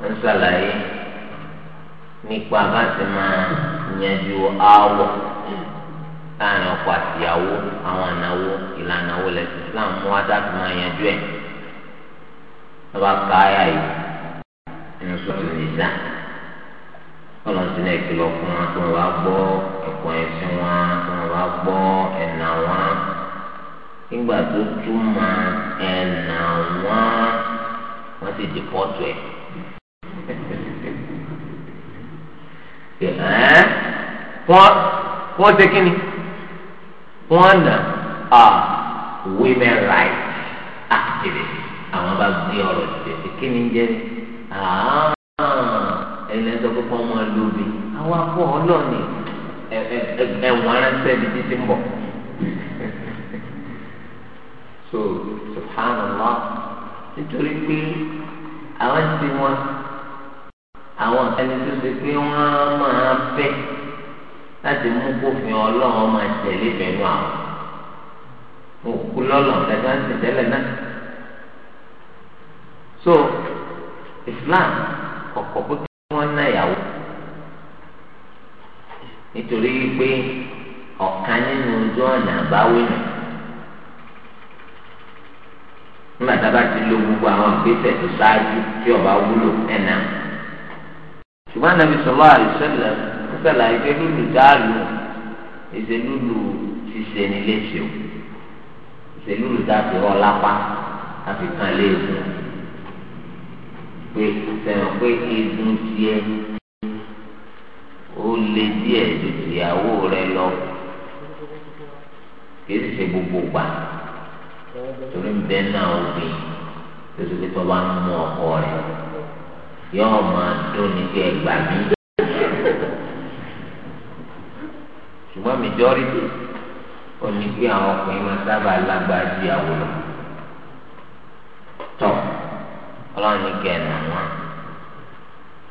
ń ṣàlàyé nípa bá ti máa yanjú aáwọ̀ láàrin ọkọ àtìyàwó àwọn ànáwó ìlànà wo lẹ́sìn Islam mú wá dáàbò máa yanjú ẹ̀ lọ́ba káyà yìí nínú sọ́tún nìjà. kọ́nà ti náà fún wa kí wọ́n gbọ́ ẹ̀kọ́ ẹ̀sìn wa kí wọ́n gbọ́ ẹ̀nà wa nígbà tó túmọ̀ ẹ̀nà wa wọ́n ti di pọ́tù ẹ̀. wọ́n ṣe kí ni wọ́n nà á women rights activist àwọn bá gbé ọ̀rọ̀ ṣe ẹ̀yin ẹ̀sọ́ pé kọ́ máa lo obì àwọn akọ ọlọ́ọ̀ni ẹ̀wọ̀n aránṣẹ́ ibi títí ń bọ̀. so subhanallah nítorí pé àwọn tí wọn àwọn ẹni tó ṣe pé wọ́n máa bẹ́ láti mú kófin ọlọ́run máa tẹ̀lé bẹ̀rù àwọn òkú lọ́lọ́ ẹ̀ka ń tẹ̀lé náà. so Islam kọ̀kọ́ bó súnà ìyàwó nítorí pé ọ̀kan nínú ojú ọ̀nà àbáwí nù nígbà tá a bá ti lo gbogbo àwọn ìgbésẹ̀ tó ṣáájú tí ọba wúlò ẹ̀nà ṣùgbọ́n Ànábì sallallahu alaihi wasallam ń sọ̀rọ̀ ìfẹ́ lùlù dáàlù ìṣèlúlù ti ṣe ní léṣe o ìṣèlúlù dáàbì rọ àfikàn léegun pé sẹ̀wọ̀n pé egun tiẹ̀ ó lé díẹ̀ ju tìyàwó rẹ lọ kìí ṣe gbogbo gbà torí ń bẹ náà obìnrin tó ti pé tó bá ń mú ọkọ rẹ yóò máa dún ní kí ẹgbà mí. ṣùgbọ́n majority ó ní pé àwọn ọkùnrin máa sábà lágbára ìyàwó lọ ọlọ́run ní kẹ́ ẹ̀ nà wọ́n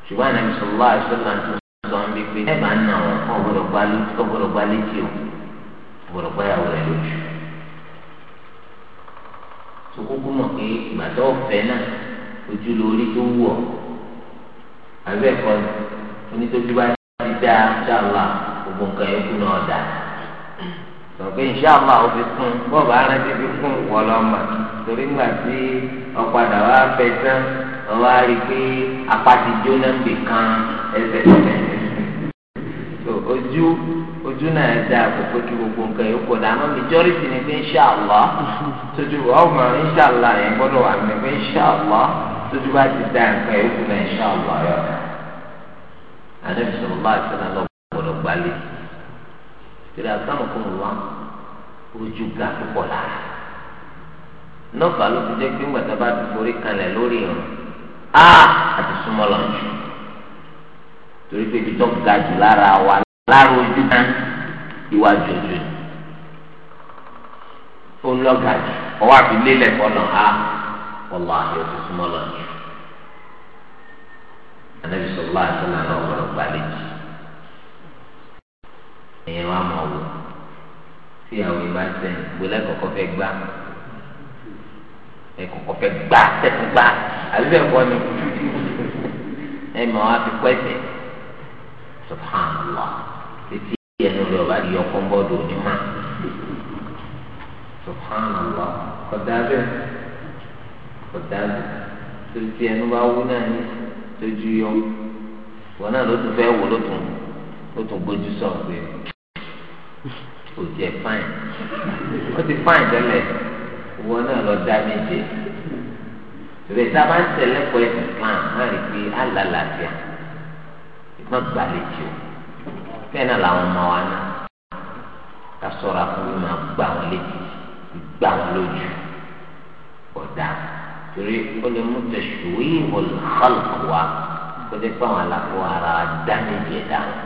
ṣùgbọ́n àná bisalòlá àṣìlá tó sọ ń bí pé ẹ bá nà wọn kọ́ gbọ́dọ̀ gbá létí o gbọ́dọ̀ gbá yàwó rẹ̀ lójú tó kúkú mọ̀ pé ìgbà tó fẹ́ náà ojú lórí tó wù ọ́ àbẹ́ ẹ̀kọ́ onítójú bá ti dá ṣáàlà gbogbo nǹkan yẹn náà dá sọ pé ìṣáàlà òfin fún bọ́ọ̀bù torí ńgbà tí ọ̀padà wa bẹ tán wọ́n á rí i pé apáti jóná ń bì kan ẹsẹ̀ tẹ̀lẹ̀. ojú ojú náà dá àkókò kí gbogbo nǹkan yòókù dá àmọ́ majority ni pé inṣàlá tójú ọmọ inṣàlá yẹn gbọ́dọ̀ wà ní pé inṣàlá tójú bá ti dá nǹkan yòókù náà inṣàlá yọ. àdébí sọ̀rọ̀ bá àti sọ́nà gbọ́dọ̀ gbalẹ̀. ìrẹ̀ àkàmùkùn wa ojú ga púpọ̀ lára nọ́ọ̀fà ló ti jẹ́ pé ńgbà a bá ti forí kalẹ̀ lórí irun a àti súnmọ́ lọ jù torí pé ibi tó ga jù lára wa lára ojú náà iwájú ojú ó ń lọ́gà jù ọwọ́ àfi lélẹ̀ fọ́nà á ọlọ́ àti oṣù súnmọ́ lọ jù anabi sọlá àti nànà ọ̀rọ̀ gbàlejò ẹ̀yin wa mọ̀ wò tí àwọn ìbá sẹ́yìn gbọ́lẹ́ kọ̀ọ̀kan fẹ́ gbà ẹ kọ̀kọ́ fẹ́ gbà tẹ̀sán gbà àbí bẹ́ẹ̀ kọ́ ni ẹ mọ̀ wá fi kọ́ ẹ̀sẹ̀ subhanallah títí ẹnu rẹ̀ ọba di ọkọ̀ bọ́ọ̀dù onímọ̀ subhanallah kọ̀dá bẹ́ẹ̀ kọ̀dá bẹ́ẹ̀ títí ẹnu bá wú náà ní lójú yọ wọn náà ló tún fẹ́ wò ló tún ló tún gbójú sọ̀rọ̀ pé kò jẹ́ fáìn ó ti fáìn tẹ́lẹ̀ ìwọ náà lọ dá méje rẹ̀ tá a bá ń tẹ̀lé pọ̀ ẹ̀sìn Islam á rí i pé alàlàfíà ìgbọ́n gbàlejò bẹ́ẹ̀ náà làwọn ọmọ wa náà ká sọ̀rọ̀ àkúrú máa gbà wọn létí gbà wọn lójú ọ̀dà torí ó lè mú tẹ̀sùwé olùkọ́lùkọ́ wa kó dé pé àlàfo ara dá méjì ẹ̀dá wọn.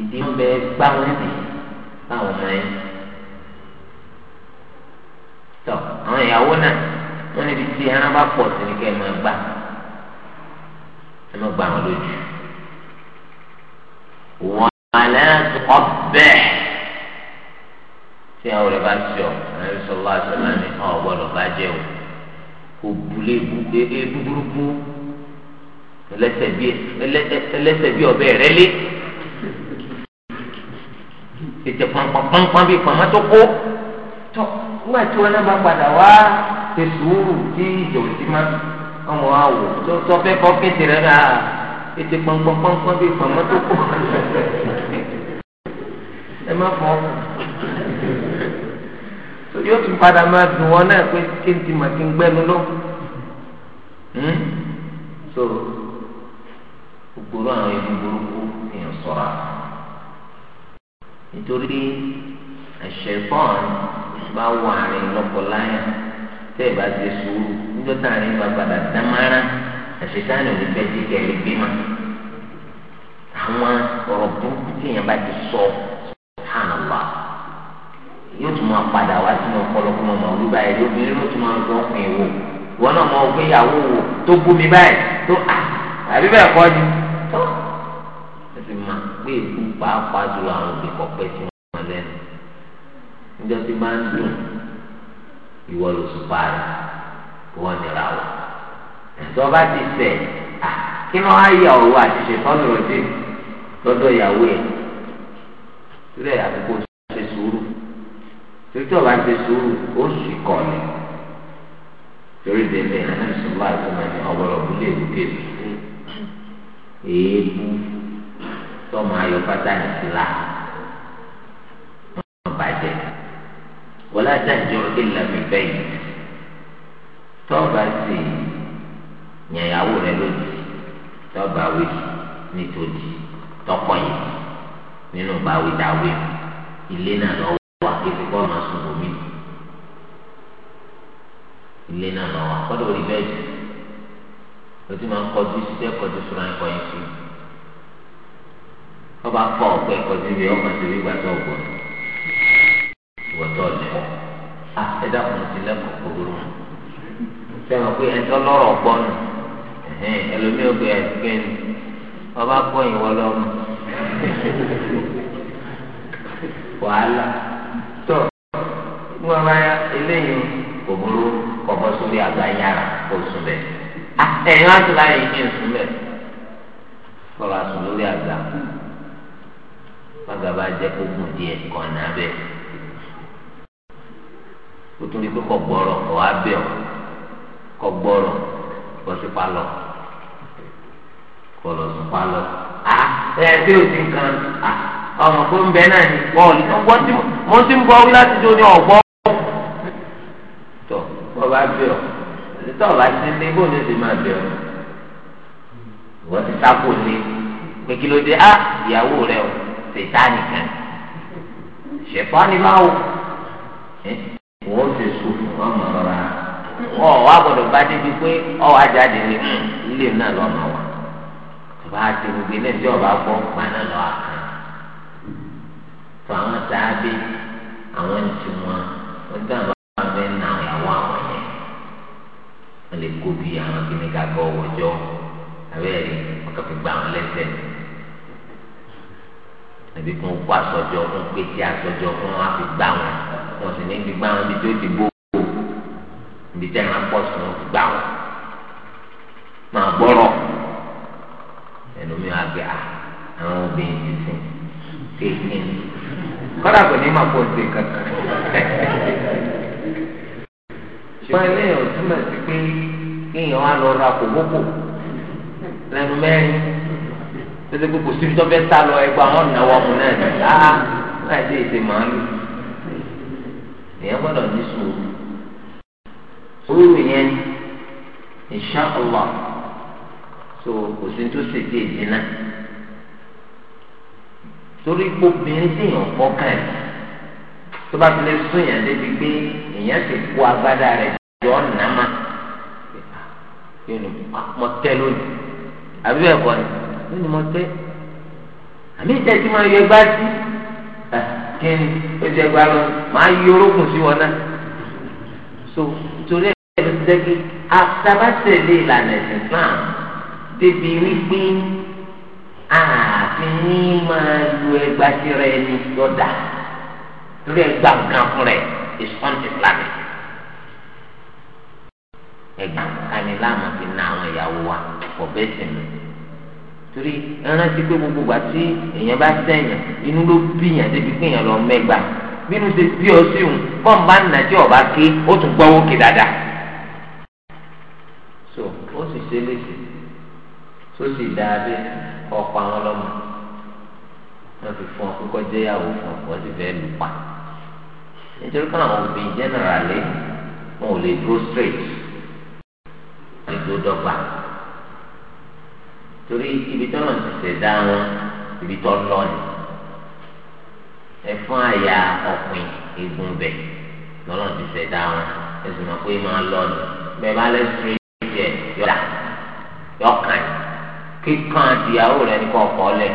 ìdí ń bẹ gbáwọn bì báwọn máa ń tọ àwọn ìyàwó náà wọn níbi tí ẹran bá pọ̀ sí ni kẹ́ ẹ máa gbà ẹ máa gbà wọn lójú. wọn alẹ́ ọbẹ̀ tí àwọn rẹ̀ bá ti ọ̀ ẹ̀rí sọlá sọlá ni ọ̀ gbọ́dọ̀ bá jẹ́ o kò bulé ebú e, e, burúkú ẹlẹ́sẹ̀ bí ọbẹ̀ rẹ lé tètè pọnpọnpọnpọn bíi pọnmọ́tò kó tọ́ nígbà tí wọn náà bá padà wá ṣe sùúrù kí ìjọ òsì má ọmọ wa wò tó tó fẹ́ kọ́ kéde rẹ̀ náà ètè pọnpọnpọnpọn bíi pọnmọ́ tó kù ẹ má fọ́ yóò tún padà máa dùn wọn náà pé kí n ti mà kí n gbẹ́nu lọ hmm? so gbogbo àwọn ẹni burúkú èèyàn ṣọ́ra nítorí ẹ̀ṣẹ̀fọ́n bá wọ àárín lọ́kọláyà tẹ́ ẹ̀ bá ti sùúrù níjọ́ tá àárín bá padà dámárà ẹ̀ṣẹ̀tàn òní fẹ́ jí kẹ́rì gbé ma. àwọn ọ̀rọ̀ burúkú tí èèyàn bá ti sọ subhanallah yóò tún máa padà wá sínú ọ̀pọ̀lọpọ̀ mọ̀ mọ̀ wíwá ẹ̀ lóbìnrin ló tún máa gbọ́ pin wò wọn náà mọ ọgbẹ́ ìyàwó wò tó gún báyìí tó à àbí bẹ́ẹ̀ kọ́ ni tó ẹ sì máa gbé ìlú pàápàá jùlọ àwọn òbí kọ̀ọ̀pẹ́ sí wọn lẹ́nu níjọ́ tí máa ń dùn ìwọ ló sùn pa rẹ̀ ìwọ nira wọ̀ ẹ̀tọ́ bá ti sẹ̀ kí ni wọ́n á yà owó àṣìṣe fọ́nù rẹ̀ lọ́dọ̀ ìyàwó ẹ̀ sílẹ̀ àdúgbò ṣe sùúrù torí tí ọba ṣe sùúrù ó sì kọ̀ torí délé ẹni sọlá àti mẹni ọgbọlọgbọ lè wú kéèkì èébú tọmọ ayọ pátá nìkìlá wọn bàjẹ́ wọlé àtàjọ ìlà fífẹ́ yìí tọ́ọ̀bà sì yànyàwó rẹ lòdì tọ́ọ̀bà wí nítorí tọ́kọ̀ yìí nínú báwí dáwí ilé náà lọ́wọ́ wà kébi kọ́ máa sùn bòmí ilé náà lọ́wọ́ akọ́dọ̀ orí bẹ́ẹ̀ jù lójú máa ń kọjú síṣẹ́ kọjú sùn láì kọ́ sí ọba kọ́ ọ̀pẹ́ kọjú bí ọkọ̀ sí wíwá tó ìwọ́tọ̀ lẹ̀ á ẹ dákun sí lẹ́kọ̀ọ́ kúrú sẹ́wọ̀n pé ẹjọ́ lọ́rọ̀ gbọ́nù ẹlòmíràn pé ẹ̀sìnkẹ́ ni ọba gbọ́ ìwọ lọ́mọ wàhálà tó ń wọ́n eléyìí sórí àgbá sùn sùn lórí gàba náà o tún di pé kọ gbọrọ kọ wá bẹ ọ kọ gbọrọ kọ sí palọ kọ lọ sí palọ a ẹ bí o ti kan a ọmọ tó ń bẹ náà ni bọ́ọ̀lù ọgbọ́n tí mo ti ń bọ́ wí láti jó ní ọ̀gbọ́n tọ kọ bá bẹ ọ tọ́ bá ti ní bó ló ti máa bẹ ọ wọ́n ti sáko lé pé kí ló dé á ìyàwó rẹ o ṣètá nìkan ṣẹ̀fọ́ ni máa wò. wọ́n ó ṣe sùn wọn mọ rọra ọ wà gbọ́dọ̀ bá débi pé ọ wà jáde ní ilé náà wa bá a ti ọba gbọ́ pa náà lọ àkàn tó àwọn sáábì àwọn ti wọn wọn àwọn àwọn yẹn wọn lè kó bí àwọn wọjọ abẹ́rẹ́ fi lẹ́sẹ̀ kún kó kún wọn sì ní gbígbá wọn ibi tó ti gbó o ibi tẹ́ máa pọ̀ sí wọn ti gbá wọn máa gbọ́rọ̀ ẹnu mi àgbẹ̀ ah, àwọn obìnrin ti sìn kéèké kọ́dà kò ní máa pọ̀ sí kankan. ṣùgbọ́n eléyìí ò túmọ̀ sí pé kéèyàn wá lọ ra kòkókò lẹ́nu mẹ́rin tètè kò sí tó fẹ́ sá lọ ẹgbàá wọn náwó náà ní. láti ètè màálù èèyàn gbọ́dọ̀ ní sùúrù sùúrù yẹn insha Allah so kò sí tó ṣe dé ìdí náà torí obìnrin tí èèyàn kọ́ kàn tó bá fi lè sún yàn débi pé èèyàn ti kó agbádá rẹ̀ jọ ọ̀nà máa yóò ní ah, mọ tẹ lónìí àbí bẹ́ẹ̀ kọ́ ni yóò ní mọ tẹ àmì ìtẹ́sí máa yọ ẹgbàá sí kí ni ó ti ẹgbàá lọ màá yí orókùn sí wọn náà so torí ẹ̀ ló ti jẹ́ kí àtàbàtẹ̀lé ìlànà ẹ̀sìn náà débi wípé àti ní máa lu ẹgbàá tirẹ̀ ẹni lọ́dà torí ẹgbàá nǹkan fún rẹ̀ is unemployment ẹgbàá kan ni láàmú fi na àwọn ìyàwó wa kò bẹ́ẹ̀ torí ẹrántí pé gbogbo ìgbà tí èèyàn bá sẹ́yìn inú ló bíyàn débi pé èèyàn lọ mẹ́gbàá bínú ṣe bí ọ sí òun bọ́n bá nà tí ọba ké ó tún gbọ́ òkè dáadáa. so ó sì ṣe léṣe tó sì dáa bí ọ̀pọ̀ àwọn ọlọ́mọ wọn fi fún ọ kókó jẹ́yàwó fún ọ wọ́n sì fẹ́ lù pa. nítorí pé àwọn òbí jẹ́nẹ̀rálẹ̀ wọn ò lè dúró straight wọn lè torí ibi tọ́nà ti ṣẹ̀dá wọn ibi tọ́ lọ ni ẹ̀fọn àyà ọ̀pìn egun bẹ̀ lọ́nà ti ṣẹ̀dá wọn ẹ̀sìn máa pé máa lọ ni bẹ́ẹ̀ bá lẹ́ sírẹ́tì ẹ̀ yọ̀dà yọ̀kàn kíkan àtìyàwó rẹ̀ ní kọ̀ọ̀kọ́ lẹ̀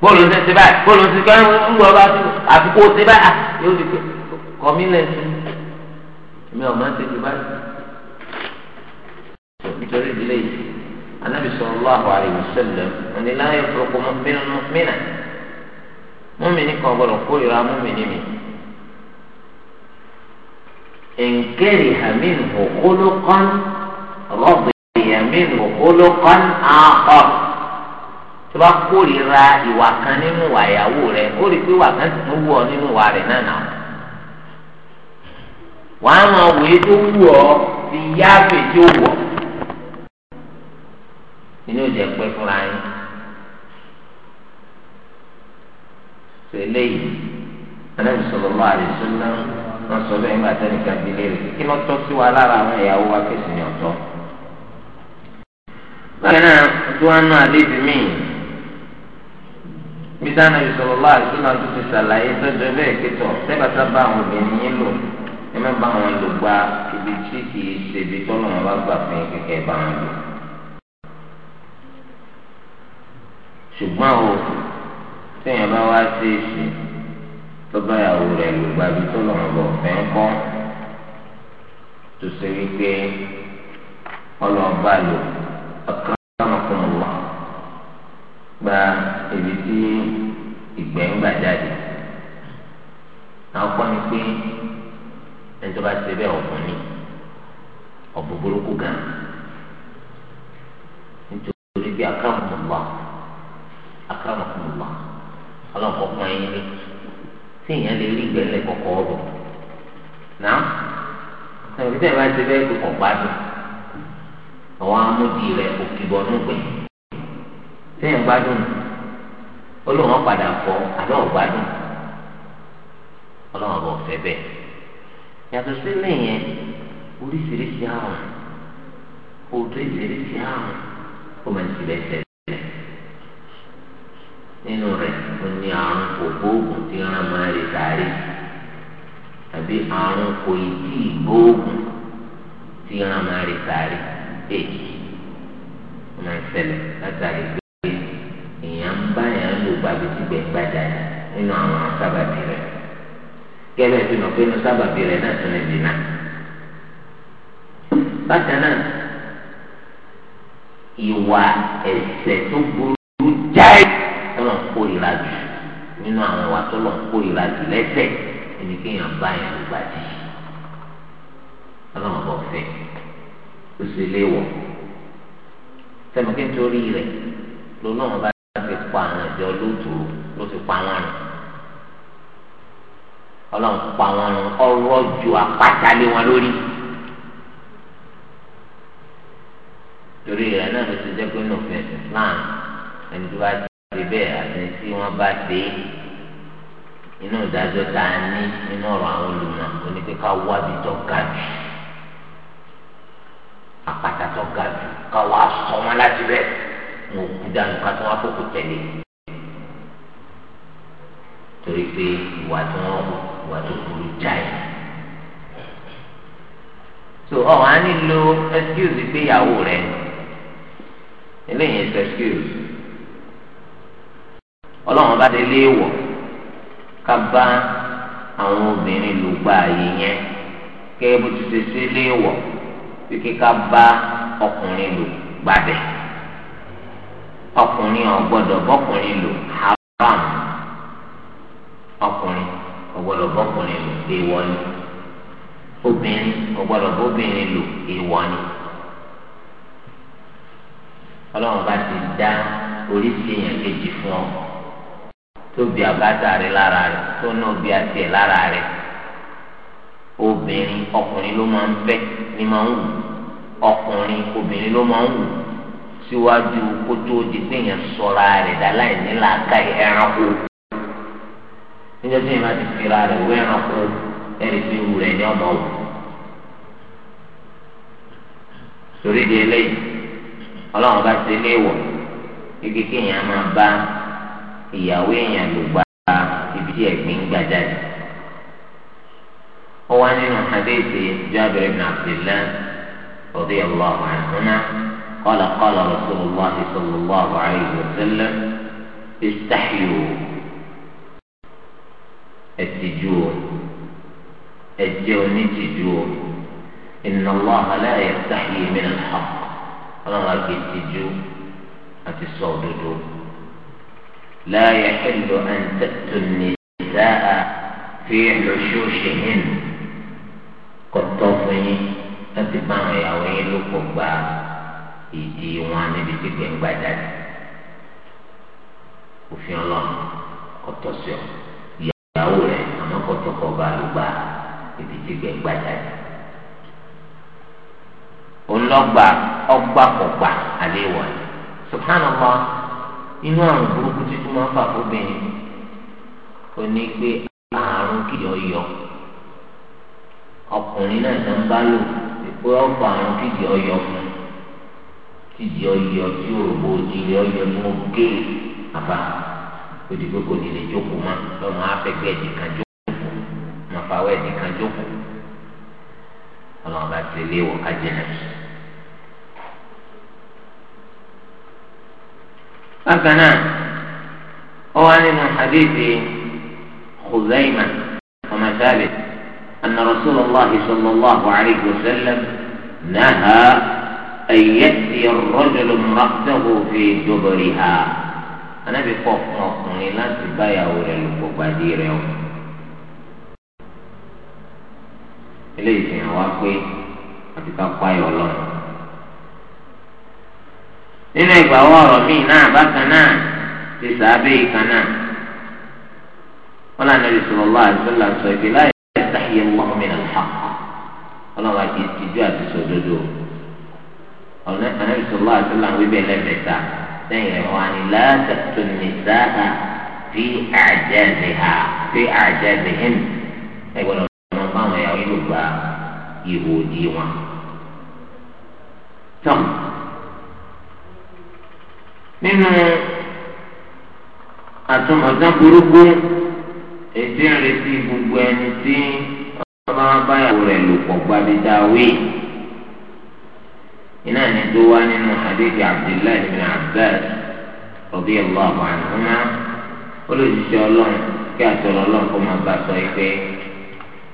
bóòlù ń ṣe báyìí bóòlù ń ṣe kẹ́ ń lọ bá tó àfi kó ṣe báyìí ah, yóò di pé kọ́mí lẹ́sìn mi ò máa ń ṣe ti báyìí nítorí ìdílé yìí. النبي صلى الله عليه وسلم أن لا يفرق مؤمن مؤمنا مؤمن قبل كل مؤمن منه إن كره منه خلقا رضي منه خلقا آخر tí wàá kórìíra ìwà kan nínú ìwà ìyàwó rẹ ó rí i pé ìwà kan sì wù ọ nínú ìwà rẹ náà nà wàá máa wòye tó wù ọ ti yá àgbè tó inú ìjẹ pé fúnra yín ṣẹlẹ̀ yìí anábì sọlọ lọ àdìsún náà wọn sọ bẹ́ẹ̀ nígbà tẹnì kan ti léèrè kí ló tọ́ sí wa lára àwọn ìyàwó wa fèsì ní ọ̀tọ̀. báyìí náà ojú wa nù àlejò míì bí dáná ìsọlọ lọ àdìsún náà tó ti ṣàlàyé tọjọ bẹ́ẹ̀ pẹtọ sẹbàtà bá àwọn obìnrin yín lò ẹ má bá wọn lò gba ibi tí kì í ṣe ibi tọ́lọ̀ wọn bá gbà fún yín kẹ̀kẹ́ bá wọn lò. ṣùgbọ́n o téèyàn bá wá sí ìṣe lọ́ba ìyàwó rẹ̀ lùgbà bí tó lọ́rùn bọ̀ fẹ́ kọ́ tó ṣe wípé ọlọ́ọ̀bá lò ọ̀kan ọmọkùnrin wà gba ibi tí ìgbẹ́ ń gbà jáde àwọn kọ́ ni pé ẹni tó bá ṣe bẹ́ẹ̀ ọkùnrin ọ̀bùn burúkú gan nítorí pé àkàmù wà. akérèmọkùn mọ ọlọpàá ọkùnrin yín lé tí èèyàn lè rí ìgbẹ́lẹ̀ kọ̀kọ́ ọ̀bọ̀ náà ẹ̀rí tẹ̀ bá ti bẹ́ẹ̀ kó kọ̀ gbádùn àwọn amúdi rẹ̀ òkìbọ̀ nùgbẹ́ téèyàn gbádùn olóhùn padà fọ àlọ́ gbádùn ọlọ́run ọ̀bọ̀ fẹ́ bẹ́ẹ̀ yàtọ̀ sílẹ̀ yẹn oríṣiríṣi àrùn oríṣiríṣi àrùn ó máa nínú rẹ̀ ó ní àrùn kògbóògùn tí wọ́n máa lè sáré tàbí àrùn kò ì tí ì gbóògùn tí wọ́n máa lè sáré èyí wọ́n máa ń ṣẹlẹ̀ látàrí pé èèyàn ń bá èèyàn lò gbàgbé tí gbẹ̀ngbà jáde nínú àwọn sábàbí rẹ̀ gẹ́gẹ́ bí mo pé nínú sábàbí rẹ̀ náà tún lè dènà bákan náà ìwà ẹ̀ṣẹ̀ tó burú nínú àwọn ìwà tó lọ kó ìlà jù lẹ́sẹ̀ ẹni kéèyàn bá yẹn ló gbà jì ọlọ́run bọ̀ fẹ́ ó sì lé wọ̀ sẹ́mi kí n torí rẹ̀ lọ́lọ́run bá fi pa àwọn ẹ̀jẹ̀ olóòtú ló ti pa wọn rìn ọlọ́run pa wọn rìn ọrọ̀ ju apáta lé wọn lórí. torí rẹ̀ náà ló ti jẹ́ pé nùfẹ̀ẹ́ Islam ẹni tó bá ṣe bẹ́ẹ̀ àti tí wọ́n bá dé inú ìdájọ́ tá a ní nínú ọ̀rọ̀ àwọn olùmọ̀ oníkẹ́ ká wá bí tó ga jù àpáta tó ga jù ká wá sọ wọn láti bẹ́ẹ̀ wọn ò kú dànù ká tó wá fòkò tẹ̀lé torí pé ìwà tí wọ́n wù ìwà tó burú jáì so ọ̀hún á nílò excuse pé ìyàwó rẹ̀ eléyìí is excuse ọlọ́run bá dé léèwọ̀ ká bá àwọn obìnrin lò gba àyè yẹn kẹ́ bó ti ṣe ṣe léèwọ̀ bí kíká bá ọkùnrin lò gbàdẹ̀ ọkùnrin ọ̀gbọ́dọ̀ bọ́kùnrin lò haram ọkùnrin ọ̀gbọ́dọ̀ bọ́kùnrin lò èèwọ̀ ni obìnrin ọ̀gbọ́dọ̀ bóbìnrin lò èèwọ̀ ni ọlọ́run bá ti dá oríṣi èèyàn kejì fún ọ tó bí àbáta rẹ lára rẹ tó náà bí àti ẹ lára rẹ obìnrin ọkùnrin ló máa ń fẹ́ ni máa ń wù ọkùnrin obìnrin ló máa ń wù síwájú kó tó di pé èèyàn sọra rẹ dá láì ní làákàyè ẹranko níjọ́ tí èèyàn bá ti fira rẹ wé ẹranko ẹni tí wù rẹ ní ọmọ wù torí di eléyìí ọlọ́run bá ti ní ìwọ̀ kíkí kéèyàn máa bá ìyàwó èèyàn ló gba ibi tí ẹ̀gbìn gbà jáde. ó wá nínú hadithi Jabir ibn Abdillah radiyallahu anhuma qala qala rasulullah sallallahu alayhi wa sallam istahyu ẹtìjú o ẹjẹ onítìjú o inna Allaha la yastahyi min al-haqq ọlọ́run àti àti sọ òdodo. لا يحل أن تأتوا النساء في حشوشهن قطوفني أتبعوا يا ويلكم باب ìdí wọn níbi gbígbẹ ń gbà jáde òfin Ọlọ́run kọtọ sí ọ ìyàwó rẹ àmọ́ kọtọ kọ bá ló gbà ibi gbígbẹ ń gbà jáde ònlọgbà ọgbà kọgbà àléwọ subhanallah. inú àrùn burúkú títún máa ń fà fóbìnrin ó ní pé àrùn kìjọ yọ ọkùnrin náà tó ń bá lò pé ọkọ àrùn kìjọ yọ tí òrùbó ọyọ ni mo gé àbá òdìgbò kò ní lè jókòó jókòó jókòó Ọlọ́run bá wọ náà. bákan náà ó wá nínú hadithi Khuzaima ọmọ sábẹ anna Rasulullah sallallahu alayhi wa sallam naha an ya'tiya ar-rajulu imra'atahu fi duburiha anabi kọ̀ fún ọkùnrin láti báyàwó rẹ̀ lóko gbadé rẹ̀ o. eléyìí fi hàn wá pé àti ká pààyàn ọlọ́run nínú ìgbà wọn ọ̀rọ̀ míì náà bákan náà ti sàábé ìkan náà wọn náà nàbì sallallahu alaihi wasallam sọ ìpè láyé ìtàhìyẹ Allahu min al-haqq ọlọ́wà kì í tijú àti sòdodo nàbì sallallahu alaihi wasallam wíbẹ̀ lẹ́mẹ̀ta lẹ́yìn rẹ̀ wọn ni la taktun nisaa fi a'jaziha fi a'jazihin ẹgbẹ́ lọ́wọ́ fáwọn ìyàwó ìlú gba ìhòòdì wọn. nínú àtúmọ̀tán burúkú ètí ń retí gbogbo ẹni tí ọba báyàwó rẹ̀ lò pọ̀ gbàdídáwé iná ní tó wá nínú hadith abdullahi bin abbas radiyallahu anhuma olùjíṣẹ Ọlọ́run kí àtọrọ Ọlọ́run kó máa bá sọ pé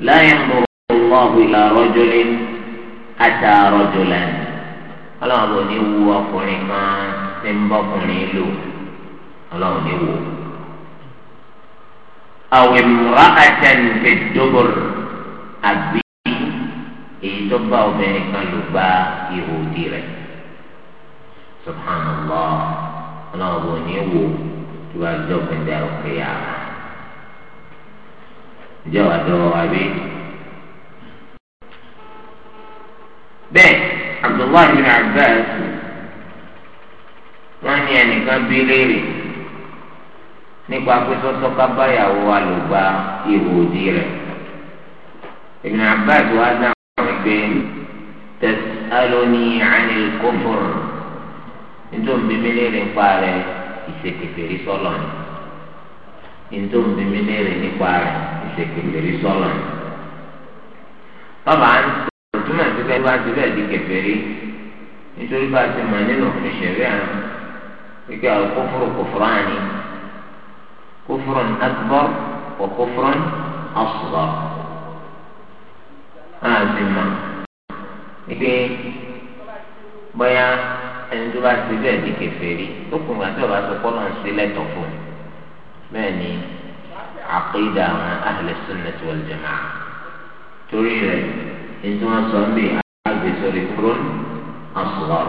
la yanzuru Allahu ila rajulin ata rajulan Ọlọ́run bò ní wú ọkùnrin kan. ti ń bọ́kùnrin lò ọlọ́run ní wò. àwọn ìmúra àti ẹnìfẹ́ dóbòrò àbí èyí tó bá obìnrin kan lò gba ihò òdì rẹ̀ subhanallah ọlọ́run bò ní wò tí wàá jọ gbẹdẹ òkè yàrá ǹjẹ́ wàá dọ́wọ́ àbí. bẹ́ẹ̀ abdullahi bin abdullahi. wọ́n ní ẹnìkan bí léèrè nípa pé sọ́sọ́ ká wa lò gba ihò òdì rẹ̀ Ibn Abbas wa dáhùn pé tẹ̀sálóní àní kófòr nítorí bíbí léèrè nípa rẹ̀ ìṣèkèfèrí sọ́lọ̀ ni nítorí bíbí léèrè nípa rẹ̀ ìṣèkèfèrí sọ́lọ̀ ni. bàbá ń ti wípé àwọn kófòrò kófòrò àní kófòrò akbar wọ kófòrò asghar àti mọ wípé bóyá ẹni tó bá ti bẹ́ẹ̀ di kèfèrí tó kùn gbà tí ọba sọ pé ọlọ́run sí lẹ́tọ̀ fún bẹ́ẹ̀ ni àkéèdà àwọn ahli sunnah wal jamaa'ah torí rẹ̀ ẹni tó wọ́n sọ ń bè àgbèsọ̀rẹ̀ kúrò asghar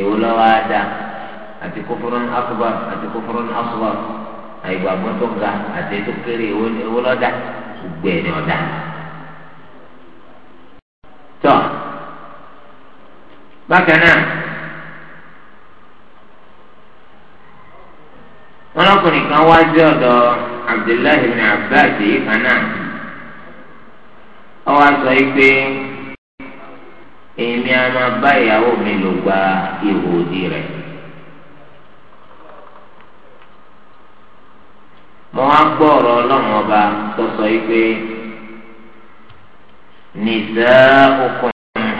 èwo lọ́wọ́ á dá àti kófórón akbar àti kófórón asghar àìgbàgbọ́ tó ga àti ètò kéré èwo lọ́dà gbogbo ẹ̀ ní ọ̀dà. tọ́ bákan náà wọn lọkùnrin kan wá jẹ́ ọ̀dọ̀ abdullahi ibn abbas kan náà wọ́n wá sọ yìí pé èmi a máa bá ìyàwó mi lò gba ihò òdì rẹ̀. mo wá gbọ́ ọ̀rọ̀ ọlọ́run ọba tó sọ yìí pé nisa'ukum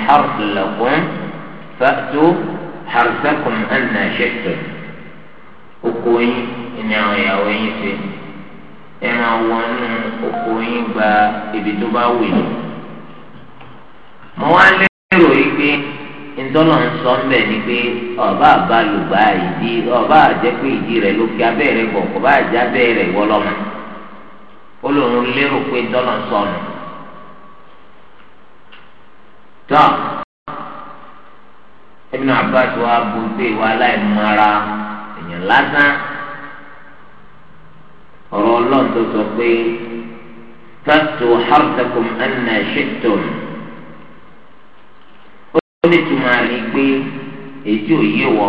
harthun lakum fa'tu harthakum anna shi'tum oko yín ni àwọn ìyàwó yín ṣe ẹ máa wọnú oko yín gba ibi tó bá wù yín. mo wá lé lérò yìí pé ntọ́nà ń sọ ńbẹ̀ ni pé ọba àbálùbá ìdí ọba àjẹ́ pé ìdí rẹ̀ lókè abẹ́rẹ́ bọ̀ ọba àjẹ́ abẹ́rẹ́ wọlọ́mọ ó lóun lérò pé ntọ́nà ń sọ nù. tọ́ Ibn Abbas wa aláìmọ́ra èèyàn lásán ọ̀rọ̀ ọlọ́run tó sọ pé tàtó hàrùtàkùn ẹnna ṣètò nù ó lè túmọ̀ ní pé èyí ò yé wọ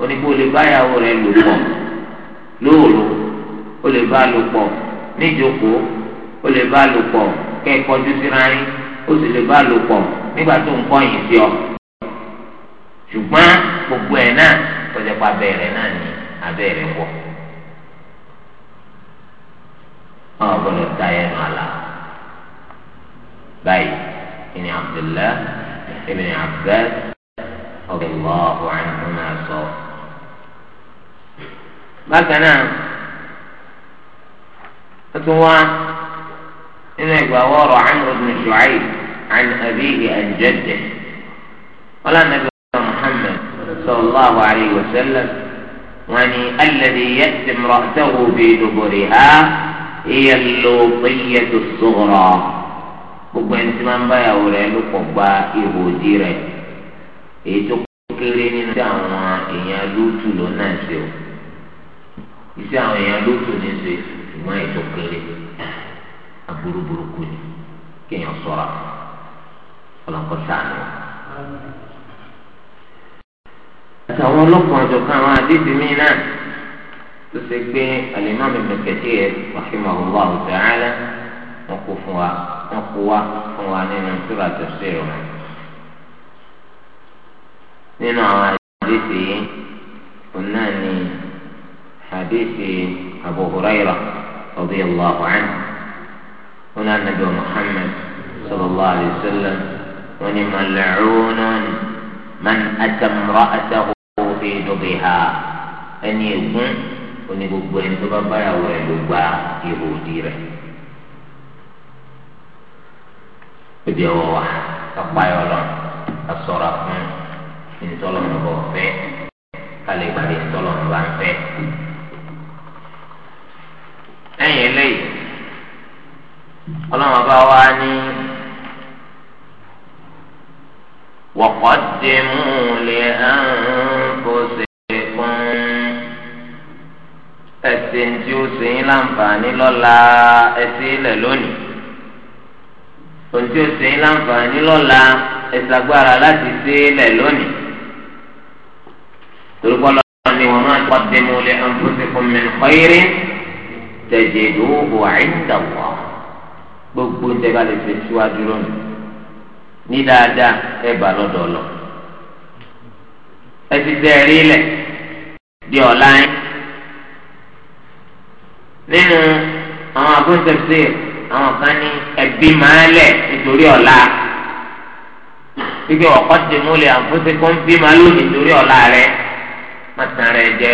ó ní kó lè báyàwó rẹ lò pọ̀ lóòrò ó lè bá lò pọ̀ níjókòó ó lè bá lò pọ̀ kẹ́kọ̀ọ́jú síra yín ó sì lè bá lò pọ̀ nígbà tó ń kọ́ yìí sí ọ. ṣùgbọ́n gbogbo ẹ̀ náà tọ́jà pa abẹ́rẹ́ náà ní abẹ́rẹ́ wọ̀. wọn ò ta ẹnu àlà báyìí ìní Abdullahi. ابن عباس رضي الله عنهما صار ماذا نعم فتوى إن يقوار عمرو بن شعيب عن أبيه عن جده قال النبي محمد صلى الله عليه وسلم واني الذي يأتي امرأته في دبرها هي اللوطية الصغرى gbogbo ẹni tí máa ń báyàwó rẹ̀ ló pọ̀ gba ihò òdì rẹ̀ èyí tó kéré nínú iṣẹ́ àwọn èèyàn lóòtù ló náà ṣe o iṣẹ́ àwọn èèyàn lóòtù ní ṣe ṣùgbọ́n èyí kéré kéèyàn sáànù. àtàwọn ọlọ́kùnrin àwọn àdéhùn náà tó ṣe alimami ẹ̀ wọn kó fún wa wọn kó wa fún wa nínú sura tẹsí rẹ nínú àwọn àdéhìí yìí òun náà ni àdéhìí Abu Hurairah radiyallahu anhu òun ànábì Muhammad sallallahu alayhi wa sallam wọn ni mal'unun man ata imra'atahu fi dubiha ẹni ègún òní gbogbo ẹni tó bá báyàwó ẹ ló gba ihò rẹ. ebi ọwọ wa kápáyọ lọ asọra fún ntọlọmọbọ fẹ kálíbalẹ ntọlọmọba fẹ. lẹ́yìn eléyìí ọlọ́mọba wa ní wọ́kọ́dẹ́mú lè hàn fọ́sẹ̀kùn ẹ̀sìn tí ó sèyìn láǹfààní lọ́la ẹ̀sìn ilẹ̀ lónìí òtí òsè yín láǹfààní lọ́la ẹ̀sàgbára láti ṣe é lẹ̀ lónìí. torúkọ lọ́la ni wọ́n máa tọ́ dẹ́mu lé anfusikum min khairin tajiduhu 'inda Allah. gbogbo ìjẹba lè fi síwájú lónìí. ní dáadáa ẹ bá lọ́dọ̀ lọ. ẹ ti tẹ́ ẹ rí lẹ̀ di ọ̀la yín. nínú àwọn àbúntẹ̀síì àwọn kan ní ẹbí máa lẹ̀ nítorí ọ̀la gbígbé ọ̀kọ́ ti mú lẹ̀ àǹfóṣe kó ń bí máa lò nítorí ọ̀la rẹ̀ má tàn rẹ̀ jẹ́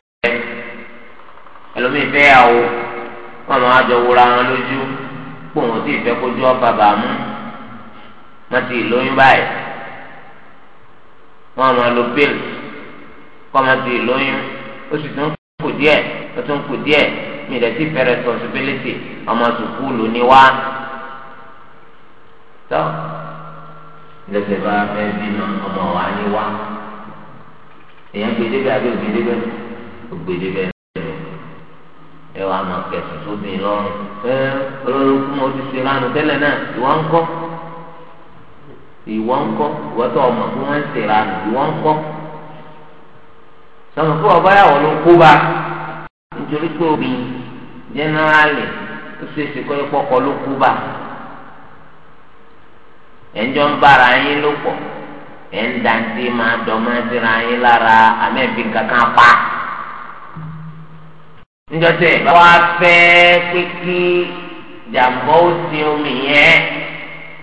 ẹlòmíì fẹ́yàwó wọn máa jọ wúra wọn lójú pò wọn sì fẹ́ kójú ọba bàmú wọn ti lóyún báyìí wọn máa lo bíl kọ́ máa ti lóyún ó sì tún kù díẹ̀ ó tún kù díẹ̀ mi lè ti fẹ́ responsibility ọmọ sùkúlù ni wá. tó lẹsẹ̀ bá fẹ́ bínú ọmọ wa ni wá. èèyàn gbèdébẹ̀ àbí ògbèdébẹ̀ ògbèdébẹ̀ ẹ wàá máa kẹsùn sóbì lọ́rùn ẹ olórí fún mo ti ṣe lánàá tẹ́lẹ̀ náà ìwọ ń kọ́ ìwọ ń kọ́ ìwọ tó ọmọ fún wọn ń ṣe lánàá ìwọ ń kọ́ sọmọ fún ọba yàwó ló ń kó bá a. nítorí pé omi jẹ́nẹ́rálì ó ṣe é ṣe kọ́ ẹ̀pọ̀ kọ́ ló kú bá ẹ̀ńjọ́ ń bára yín ló pọ̀ ẹ̀ńdàntì máa dọ̀mọ́síra yín lára amẹ́bí kankan pa fẹ́ jàmbá ó omi yẹn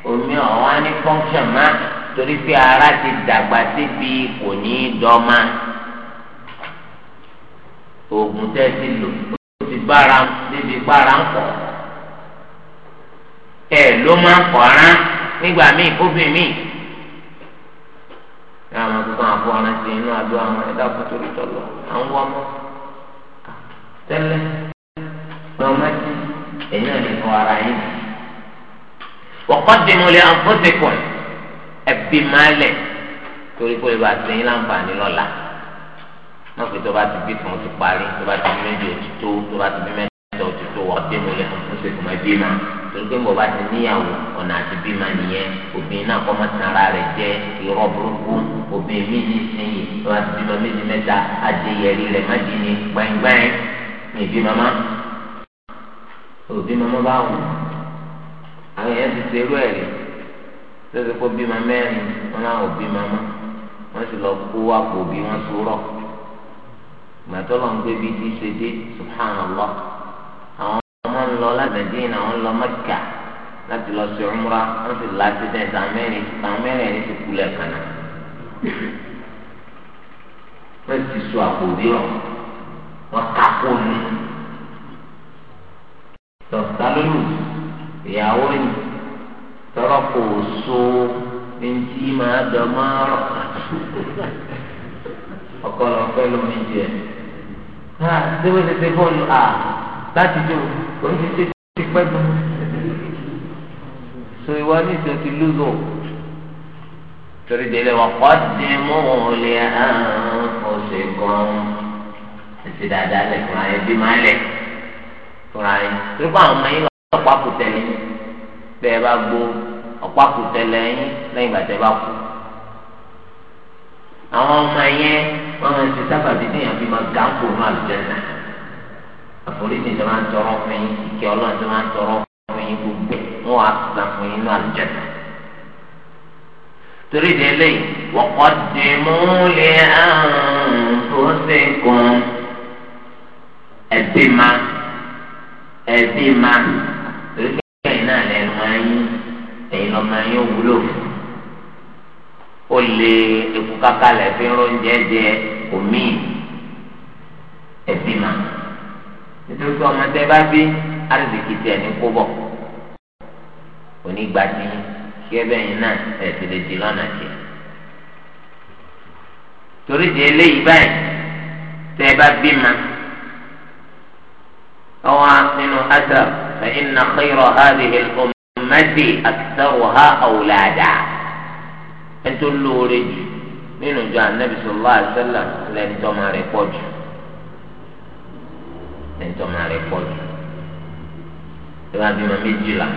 omi ní fọ́nkṣọ̀n ara ti dàgbà síbi kò ní í oògùn tẹ́ ti lò ó ti bára níbi bára ń pọ̀ ẹ ló máa ń pọ̀ ara nígbà míì kófin míì ẹ àwọn akókò àpò ara ti inú àdó àwọn ẹ̀dá kótó lítọ lọ à ń wọ́n mọ́ tẹ́lẹ̀ lọ́mọdé ẹ̀yìn àti ìfọ̀ ara yín waqaddimu li anfusikum ẹ̀bí máa lẹ̀ torí pé ìbá ti láǹfààní lọ́la wọn fi tó bá ti bí tòun ti parí tó bá ti bí méjì ó ti tó tó bá ti bí mẹ́ta ó ti tó wà dé mo lẹ ó sì kò bí ma torí mo bá ti níyàwó ọ̀nà àti bí ma nìyẹn obìnrin náà kọ́ mọ́ rẹ̀ jẹ́ irọ́ burúkú obìnrin mi ní sẹ́yìn tó bá ti bí ma méjì mẹ́ta àdéyẹrí rẹ̀ má di ni gbẹ̀ngbẹ̀ng mi bí mama òbí mama bá wù àwọn yẹn ti ṣerú ẹ̀ rí lọ́sọ̀kọ́ bí ma mẹ́rin wọn náà òbí mama wọ́n sì lọ kó àpò òbí wọn sùúrọ̀ gbàtọ́lọ̀ ń gbé bíi ṣe dé subhanallah àwọn ọmọ ń lọ láti nàìjíríà àwọn ń lọ mẹ́kà láti lọ sí umra wọ́n sì láti dẹ́ta mẹ́rin àwọn mẹ́rin ẹni ti kulẹ̀ kànáà wọ́n ti sọ àpò dírọ̀ wọ́n ká ní dọ̀tà lólu ìyàwó ni tọrọ kò so eŋti máa dọ̀ máa rọ̀ ọkọ lọ lómi jẹ náà ṣé wọ́n ti ṣe bọ́ọ̀lù à láti jò kò ń ṣe ti pẹ́ tó. so ìwọ ní ìṣó ti lúzọ torí délé wọn kọ́ ti mú un lé àrùn ọ̀sẹ̀ kan ẹ̀sìn dáadáa lẹ̀kùn ayé bí máa lẹ̀ fúnra yín torí pé àwọn ọmọ yín lọ ọ̀pá kùtẹ̀ bẹ́ẹ̀ bá gbó ọ̀pá kùtẹ̀ lẹ́yìn lẹ́yìn bá kú àwọn ọmọ yẹn wọn máa ń ṣe sábàbí téèyàn fi máa ga kó nù àlùjẹ́nà àforíjì tó máa ń tọrọ fún yín ìkẹ́ ọlọ́run tó máa ń tọrọ fún yín gbogbo wọn wàá gbà fún yín nù àlùjẹ́nà torí ìdí eléyìí wọ́pọ̀ dì mú lé àrùn tó ṣe kún ẹbí ma ẹbí ma torí kẹ́kẹ́ yìí náà lẹ́nu ayé ẹ̀yin lọ́mọ ayé wúlò fún ó lé eku kaka lẹ̀ fi ń rọ́njẹ́ jẹ omi ẹ̀bí ma nítorí pé ọmọ tẹ bá bí arìsìkì tẹ̀ ní kó bọ̀ onígbàdí kí ẹ bẹ́yìn náà ẹ̀ ti lè di lọ́nà jẹ torí di eléyìí báyìí tẹ bá bí ma ọwọ́ nínú asa fẹ́ inna khayra hadhihi al-ummati aktharuha awlada ẹni tó lóore jù nínú ìjọ anabi sallallahu alaihi wasallam lẹni tó máa rẹ pọ̀ jù lẹni tó máa rẹ pọ̀ jù ìwà bímọ méjìlá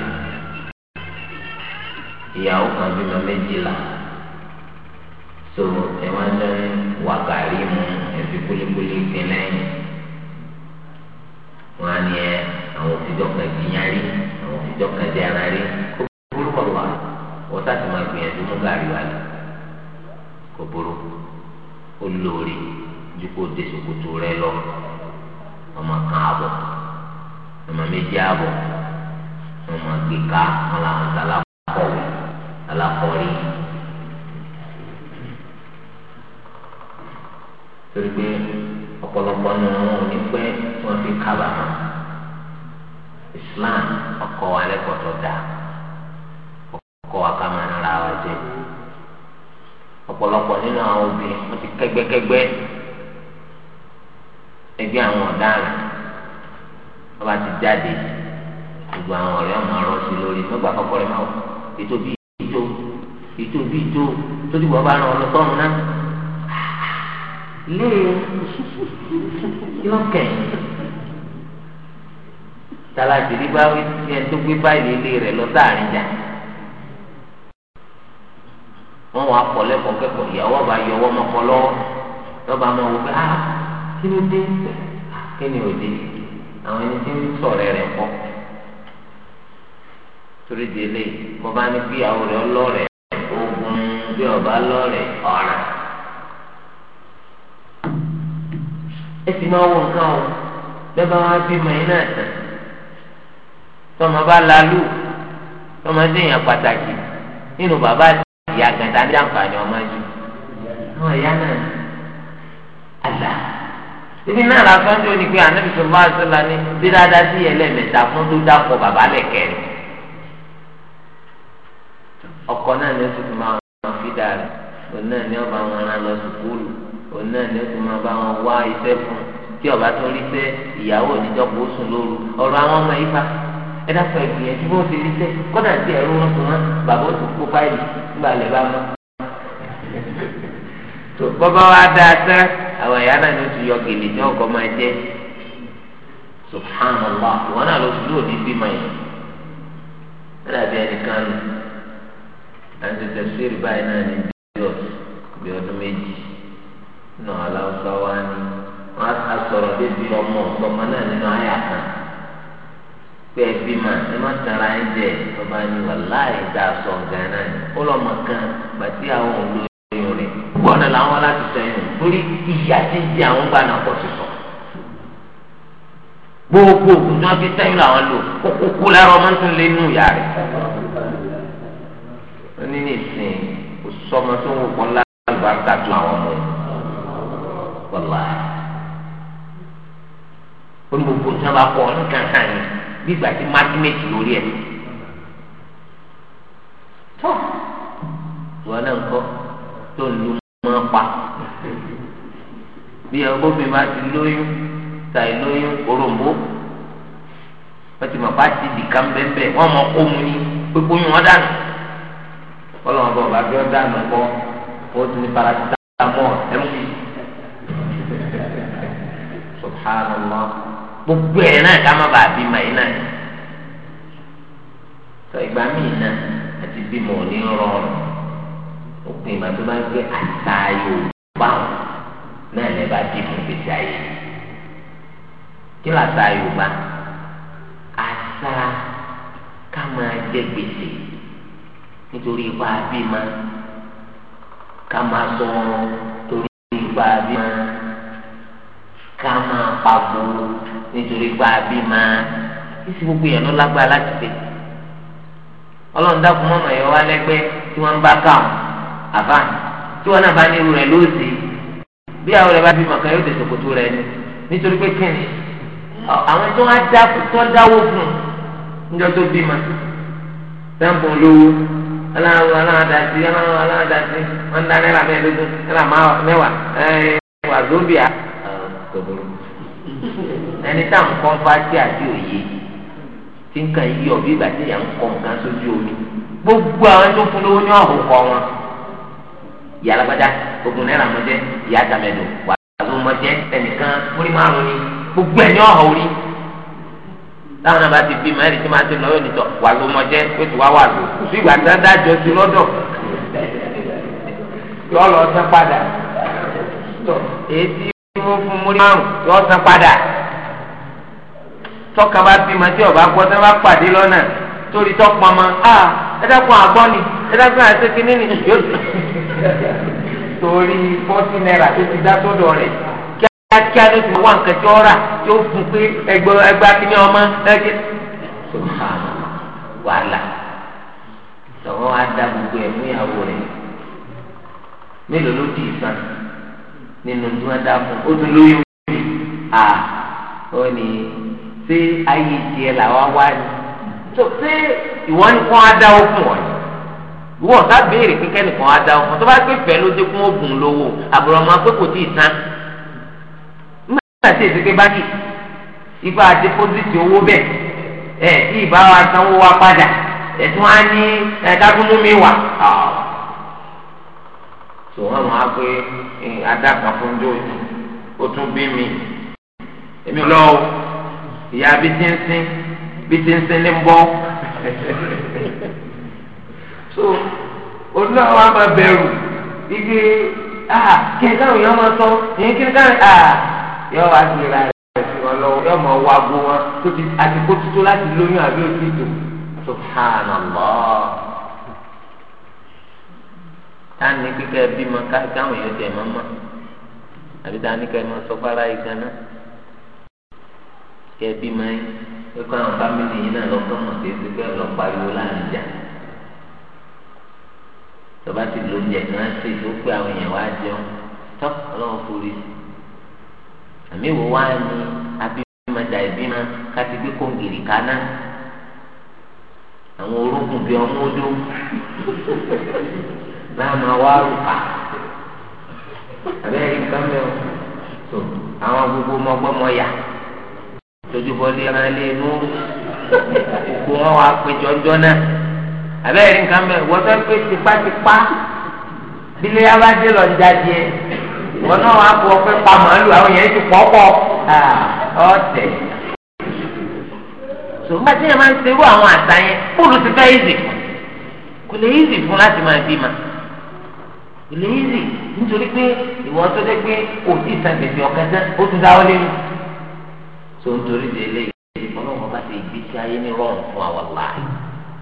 ìyàwó kan bímọ méjìlá so ẹ máa ń dán wákàrí mu ẹfi kúlíkúlí pin lẹ́yìn wọn á ẹ àwọn òfìjọ kan ti yára àwọn òfìjọ kan ti ara rí wọ́n sàtì máa gbìyànjú mú gàrí wa lọ kò burú ó lóore ju kó de ṣòkòtò rẹ lọ ọmọ kan àbọ̀ ọmọ méjì àbọ̀ wọn gbé ká wọn làwọn sálákọ̀wé sálákọ̀rí torí pé ọ̀pọ̀lọpọ̀ nù wọn ò ní pẹ́ wọn fi kábàámọ̀ Islam ọkọ̀ alẹ́kọ̀ọ́ tó dáa kọ́ wa ká máa nara wa jẹ ọ̀pọ̀lọpọ̀ nínú àwọn obìnrin wọ́n ti kẹ́gbẹ́kẹ́gbẹ́ ẹgbẹ́ àwọn ọ̀daràn wọ́n bá ti jáde gbogbo àwọn ọ̀rẹ́ ọmọ ọ̀rọ̀ sí lórí nígbà kọ́kọ́ rẹ̀ máa wọ̀ ètò bíi ìjó ètò bíi ìjó tó dìbò bá rán ọ náà lé yọkẹ̀ tala ti rí báwí ẹni tó gbé báyìí lé rẹ̀ lọ sáàrin jà wọn wà kọ lẹkọọ kẹ́kọ̀ọ́ ìyàwó bá yọ ọwọ́ ọmọkọ lọ́wọ́ lọba máa wò pé a ah, kí ló dé kí ni òde àwọn ẹni tí ń sọ̀rọ̀ rẹ̀ kọ́ torí di eléyìí kọ́ bá ní bí àwọn rẹ̀ ọlọ́rẹ̀ ogun bí ọba lọ́rẹ̀ ọ̀ràn. ẹ sì máa wọ nǹkan o lẹ́bàá wá bímọ yín náà tán tọmọ bá lálù tọmọ déèyàn pàtàkì nínú bàbá àti ìyá gàdá ní àǹfààní ọmọ yìí náà ìyá náà àlà ibi náà la sọ ní oní pé ànábì tó bá aṣọ la ní bí dáadáa sí ẹlẹ́mẹ̀ta fún tó dápọ̀ bàbá lẹ̀kẹ́ rẹ̀ ọkọ náà ni ó ti fi máa wọn fi dà rẹ̀ òun náà ni ó bá wọn rán lọ sùkúlù òun náà ni ó ti máa bá wọn wá iṣẹ́ fún tí ọba tó rí sẹ́ ìyàwó òdìjọ́ kò sùn lóru ọ̀rọ̀ àwọn ọmọ yìí pa. ẹ̀dá sọ ìgbìyànjú bó ti rí sẹ́ kọ́dà tí ẹ̀rú wọn sùn wọn bàbá ó ti kó fáìlì nígbà lè bá wọn. tó bọ́bá wa dáa sẹ́ àwọn ẹ̀yà náà ni ó ti yọ gèlè ní ọkọ̀ máa jẹ́ subhanallah wọn náà ló ti lóòdì bí mọ̀ yẹn. ẹ̀dá bí ẹnìkan nù àti tẹ̀síìrì báyìí náà bí ọdún méjì náà aláwọ̀ á sọ̀rọ̀ débi ọmọ pé ẹbí mà ẹ má tara ẹ jẹ ọba ni wàláì dá sọ gánà ó lọ mọ kan bàtí àwọn olóyún rẹ gbọ́dọ̀ làwọn láti sẹ́yìn lórí ìyá tí ń di àwọn gbà náà pọ̀ sí sọ gbogbo ògùn tí wọ́n fi sẹ́yìn làwọn lò kókókó lárọ ọmọ tó lé nù yá rẹ ní nìsín kò sọmọ tó ń wọpọ ńlá tó àwọn ọmọ yìí wàláì ní gbogbo tí wọ́n bá kọ ọ ní kankan yìí gbígbà tí mátímẹ́tì lórí ẹ̀ tó ìwọ náà kọ́ tó lu mọ́ pa bí ọgọ́bìn bá ti lóyún tàì lóyún òròǹbó wọ́n ti mọ̀ bá ti dìka ń bẹ́ẹ̀ wọ́n mọ̀ kó mu ní pípọ́ yín wọ́n dànù ọlọ́run bọ̀ bá bí wọ́n dànù kọ́ ó ti ní parasitamọ́ ẹ̀mú subhanallah gbogbo ẹ̀ náà ká má bàa bímọ yìí náà sọ ìgbà míì náà àti bímọ òní rọrùn òpin ìgbà tó bá ń gbé àṣà Yorùbá náà lè bá bímọ gbèsè ayé kí ló àṣà Yorùbá àṣà ká máa jẹ gbèsè nítorí ipa bímọ ká máa sọ torí ipa bímọ ká máa pagbo nítorí pé àbí máa ìsì gbogbo yẹn ló lágbára láti tẹ̀. ọlọ́run dákun mọ́mọ́ ẹ̀yọ́ wá lẹ́gbẹ́ tí wọ́n ń bá káwọn àbá tí wọ́n náà bá ní irú rẹ̀ lóòsì bí àwọn rẹ̀ bá bí mọ̀ká yóò tẹ̀sọ̀ kótó rẹ̀ ni nítorí pé kíni àwọn tó wá dá tó dáwó fún níjọ́ tó bímọ sẹ́ǹpù lówó aláwọ̀ aláwọ̀dàsí aláwọ̀ aláwọ̀dàsí wọn dá náírà mẹ́ẹ̀ẹ́dógún náírà mẹ́wàá ẹ̀ẹ́dẹ́gbà zóbìà ẹni tá à ń kọ́ bá jẹ́ àti òye tí ń kàn yí ọ̀bí ìgbà tí ìyá ń kọ́ nǹkan sójú omi gbogbo àwọn tó fún lówó ní ọ̀hún kọ́ wọn ìyá ogun náírà mọ́ ìyá àtàmẹ́lò wà ló mọ́ jẹ́ ẹnìkan múrí márùn ni gbogbo ẹ̀ ní ọ̀hún orí táwọn náà bá ti bí mẹ́rin tí máa ti lọ́yọ̀ nìtọ̀ wà ló mọ́ jẹ́ pé tí wá wà ló sí ìgbà tí wọ́n dájọ́ tọ́ka bá bímọ tí ọba gbọ́ tí wọ́n bá pàdé lọ́nà torí tọ́pọ̀ ọmọ a ẹ̀dẹ́kun àgbọ́ ni ẹ̀dẹ́kun àti kínní ni yóò torí fọ́tí náírà tó ti dá sọ́dọ̀ rẹ̀ kíákíá ló ti wá nǹkan tí ó rà tí ó fún pé ẹgbẹ́ ẹgbẹ́ akíní ọmọ ẹgbẹ́ wàhálà lọ́wọ́ wa da gbogbo ẹ̀ fún ìyàwó rẹ̀ mélòó ló di ìsan nínú tí fún ó tún lóyún ó ní ṣé ayé tiẹ̀ làwa wá ni tó ṣé ìwọ nìkan á dáwó fún ọ ni ìwọ ọ̀sá béèrè kíkẹ́ nìkan á dáwó fún ọ tó bá pè fẹ́ ló dé kún oògùn lówó àbúrò ọmọ pé kò tíì tán nígbà tí èsì pé báńkì ipa àti pósìtì owó bẹ́ẹ̀ ẹ̀ tí ìbá wa sanwó wa padà ẹ̀tún á ní ẹ̀dágúnmú mi wà tò ah. wọn máa pé adákan fún jóòjì ó tún bí mi èmi lọ́wọ́. ìyá bí tínsín bí tínsín ní bọ́ so olú àwọn àmà bẹ̀rù igi ah kí ni káwọn èèyàn sọ ìyẹn kí ah yọ wá sí ra rẹ̀ sí ọlọ́wọ́ yọ máa wa agbo wọn tó ti àti tuntun láti lóyún àbí òsì tó subhanallah táwọn bímọ èèyàn àbí kẹbi máa ń pẹ́kọ́ àwọn fámìlì yìí náà lọ́kàn mọ̀ sí ẹsẹ̀ pé ọ̀lọ́ pariwo láàrin ìjà tọba ti lo oúnjẹ kan ṣe tó pé àwọn èèyàn wá jẹun tọ́ ọlọ́run forí àmì ìwò wá ní abímọ dà ìbímọ káti gbé kóńgìrì kaná àwọn orókùn bíi ọmọ odó náà máa wá rùkà àbẹ́rẹ́ nǹkan mẹ́wọ̀n tó àwọn gbogbo ọmọ ọgbọ́n mọ́ yá tojúbọlé ẹran lé inú gbogbo wọn wá pé jọjọ náà abẹ́rẹ́ nǹkan mẹ́ wọ́n fẹ́ pé tipátipá bílẹ̀ abájẹ́ lọ jáde ẹ̀ wọ́n náà wá bu ọpẹ́ pa màálù àwọn yẹn ti pọ́pọ́ ọ̀tẹ̀. sògbà tí yẹn máa ń serú àwọn àṣà yẹn fóònù ti fẹ́ ìzì kò lè ìzì fún láti máa bímọ kò lè ìzì nítorí pé ìwọ́n tó dé pé kò tí sàn gbèsè ọ̀kẹ́ ó ti dáwọ́ lé mi tó ń torí de ilé yìí ọlọ́run bá ti gbé sí ayé ní rọrùn fún wa wàláhì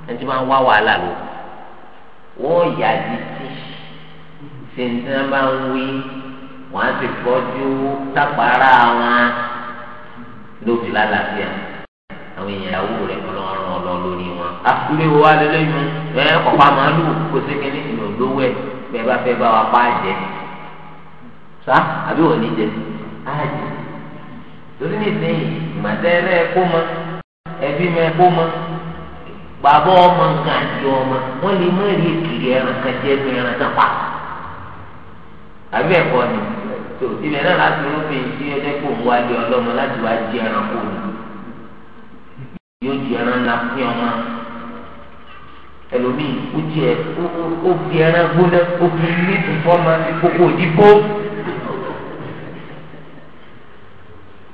ẹni tí máa ń wá wàhálà lò wọ́n yà di tí sèǹtẹ́ bá ń wí wọ́n á ti gbọ́jú tápàárà wọn lóbi lálàáfíà àwọn èèyàn ìyàwó rẹ̀ ọlọ́run ọlọ́ lórí wọn. àkúrẹ́ wo wá lélẹ́yìn ẹ ọ̀pá màálù kó sékè ní ìlú olówó ẹ̀ bẹ́ẹ̀ bá fẹ́ bá wa pa àjẹ́ sá àbí wọ́n ní jẹ́ àjẹ́ torí nìsín ìmọ̀tẹ́rẹ́ kó mọ ẹbí mẹ kó mọ bàbá ọmọ nǹkan àti ọmọ wọn lè mú èrè kiri ẹran kan jẹ ní ẹran kan pa àbí ẹ̀kọ́ ni tó ibẹ̀ náà láti rúbi tí ẹjẹ́ kó ń wájú ọlọ́mọ láti wá jí ẹran kó ni yóò jí ẹran ńlá fún ọmọ ẹlòmíì ó jẹ ó fi ẹran gbóná ó fi ní ìfọ́mọ kókó òdìbò.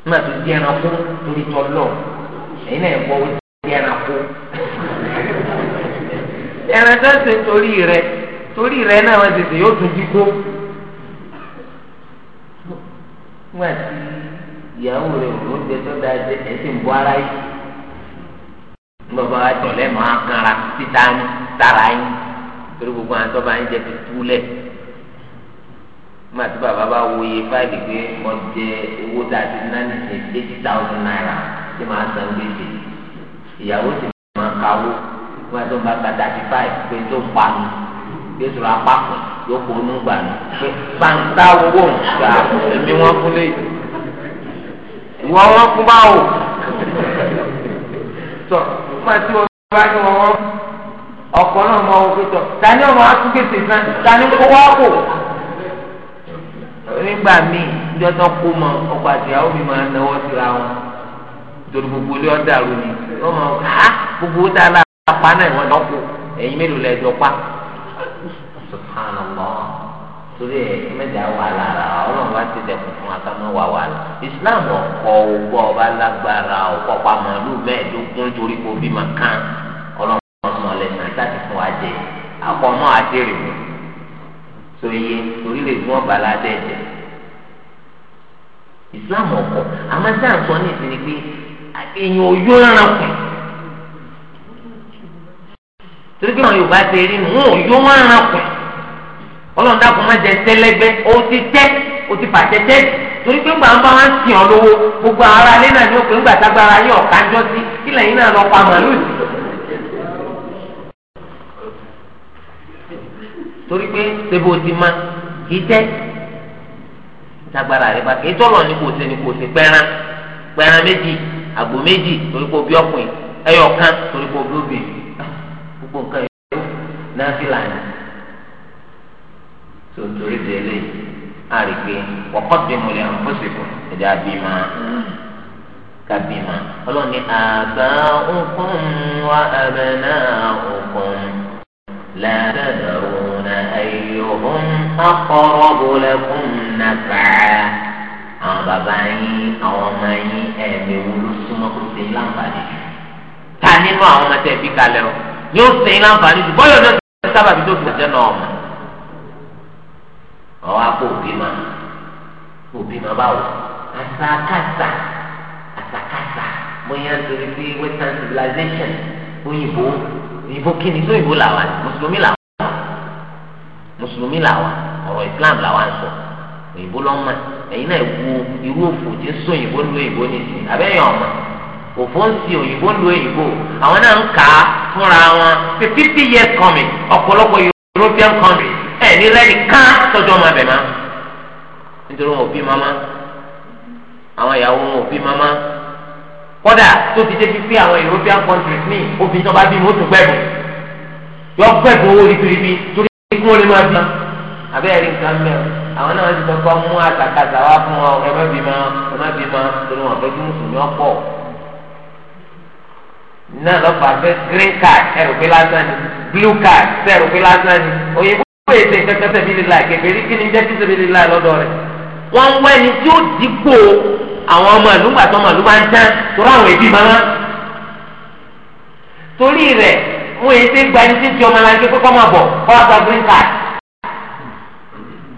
nígbà tó di ẹranko lórí tọlọ ẹyin náà gbọ́ wọ́n di ẹranko ẹran tó ṣe torí rẹ torí rẹ náà wọ́n tètè yóò tún dígbó nígbà tí ìyàwó rẹ ò lóúnjẹ tó dáa jẹ ẹsìn bọ ara yìí bàbá wa tọ̀lẹ́ mọ́ títa ní tara yín torí gbogbo àwọn bá ń jẹ tó tú nígbà tí bàbá bá wo iye fáìlì pé mo jẹ owó tá a ti ná ní eighty thousand naira tí màá san gbèsè ìyàwó sì máa kawó nígbà tó ń bá gba thirty five pé tó pa mi gbèsè rà pápọ̀ yóò kó onú gbà mí pé pàǹtá owó nǹkan èmi wọn fún lé ìwọ wọn fún báwo tọ nígbà tí wọn bá ní wọn ọkọ náà mọ owó pé tọ tani ọmọ akúgbèsè náà tani kó wá kó nígbà míì níjọ́ tó kó mọ ọkọ àtìyàwó mi máa náwó síra wọn torí gbogbo ilé ọ̀dà rò ní wọ́n mọ̀ á gbogbo ó dára apá náà ìwọ́n náà kú ẹ̀yin mélòó lẹ jọ pa subhanallah torí ẹ mẹ́ta wà lára ọlọ́run bá ti dẹkùn fún akámọ wà wà lá islam ọkọ ọgbọ ọba lágbára ọkọ pamọlú mẹ́ẹ̀ẹ́dógún torí kò bí màkàn ọlọ́run ọmọ lẹsìn àti àti fún wa jẹ àkọmọ àti rèé. tó yẹ torí lè fún ọba aládé jẹ islam ọkọ amadá sọ ní ìsinmi pé èèyàn ò yó ẹran torí pé àwọn yorùbá ti rí nù wọn ò yó wọn ọlọ́run má jẹ tẹ́lẹ́gbẹ́ ó ti tẹ́ ó ti pàṣẹ gbogbo ni ó pè sí kílẹ̀ yín náà lọ torí pé sebo ti ma kìí tẹ́ tagbara rẹ bá kìí ní kò ní kò ṣe pẹ́ran méjì àgbò méjì torí obi ọkùnrin ẹyọ kan torí pé obi obìnrin gbogbo nǹkan yìí náà fi là ní. tó torí a rí pé wọ́pọ̀ bí mo lè hàn fọ́sìkò bi ma kàbí ma ọlọ́ni àbá òkun wa àbẹ̀nà òkun أيهم أقرب لكم نفعا àwọn bàbá yín àwọn ọmọ yín ẹ̀mí wo ló súnmọ́ kó ṣe láǹfààní jù ká nínú àwọn ọmọ tẹ̀ bí kalẹ̀ o yóò ṣe láǹfààní jù bọ́yọ̀ náà ṣe sábàbí tó fi ọ̀jẹ̀ náà ọmọ ọwọ́ akó òbí ma òbí ma báwo àsàkàsà àsàkàsà bóyá nítorí pé western civilization òyìnbó òyìnbó kíni tó òyìnbó làwọn mùsùlùmí làwọn mùsùlùmí làwọn ọ̀rọ̀ islam làwọn ń sọ òyìnbó lọ́ mọ̀ ẹ̀yin náà wo irú òfò tí sọ òyìnbó lu òyìnbó nìsín abẹ́yẹn ọ̀mọ òfò ń sin òyìnbó lu òyìnbó àwọn náà ń kà á fúnra wọn pé fifty years coming ọ̀pọ̀lọpọ̀ European country ẹ̀ ní rẹ́ẹ̀dì ká tọ́jú ọmọ abẹ̀ máa nítorí wọn ò bí mama àwọn ìyàwó wọn ò bí mama kódà tó ti débi pé àwọn European countries ní obìnrin tó bá bí mo tún gbẹ̀bù yọ gbẹ̀bù owó ribiribi ikun ni ma bima abe ẹ̀rí nǹkan mẹ́rin àwọn náà ti kọ́kọ́ mú àtàkàtà wá fún ọ ẹ má bima ẹ má bima torí wọn fẹ́ kí mùsùlùmí ọ̀pọ̀ náà lọ́pàá fẹ́ green card ẹ̀rù pé lásán ni blue card ẹ̀rù pé lásán ni òyìnbó pé ètè kẹ́kẹ́ tẹ̀bí lè la kẹfẹ́ rí kí ni jẹ́ kí tẹ̀bí lè la lọ́dọ̀ rẹ̀ wọ́n ń wẹ́ ni tí ó dìgbò àwọn ọmọ ìlú gbàtọ́ ọmọ ìlú bá ń tán torí àwọn ẹbí máa torí rẹ̀ wọ́n yẹ ṣe gba ẹni tí ń ti ọmọ aláǹkẹ́ pé máa bọ̀ kọ́ wá gba green card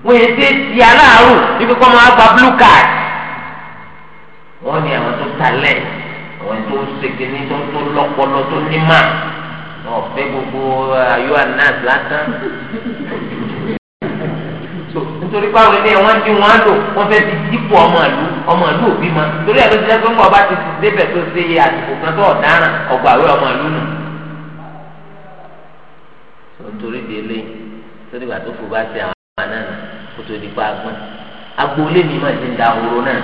wọ́n yẹ ṣe ti aláàárù ní pé máa gba blue card wọ́n n'i àwọn tó talẹ̀ àwọn tó ṣègbè ní tó tó lọ́pọlọ tó ní mà gbogbo ayọ́ anas lásán nítorí báwo ni wọ́n dín wọn lò wọ́n fẹ́ ti dípò ọmọ ìlú ọmọ ìlú òbí ma torí àlọ́ ti dẹ́gbẹ́ ńgbọ́ bá ti débẹ̀ tó ṣe àsìkò kan tó ọ̀daràn ọgbàwé ọmọ nù. nítorí délé lórí ìgbà tó fò bá ṣe àwọn àmà náà kó tó di pa agbọn agboolé mi máa ti ń da horo náà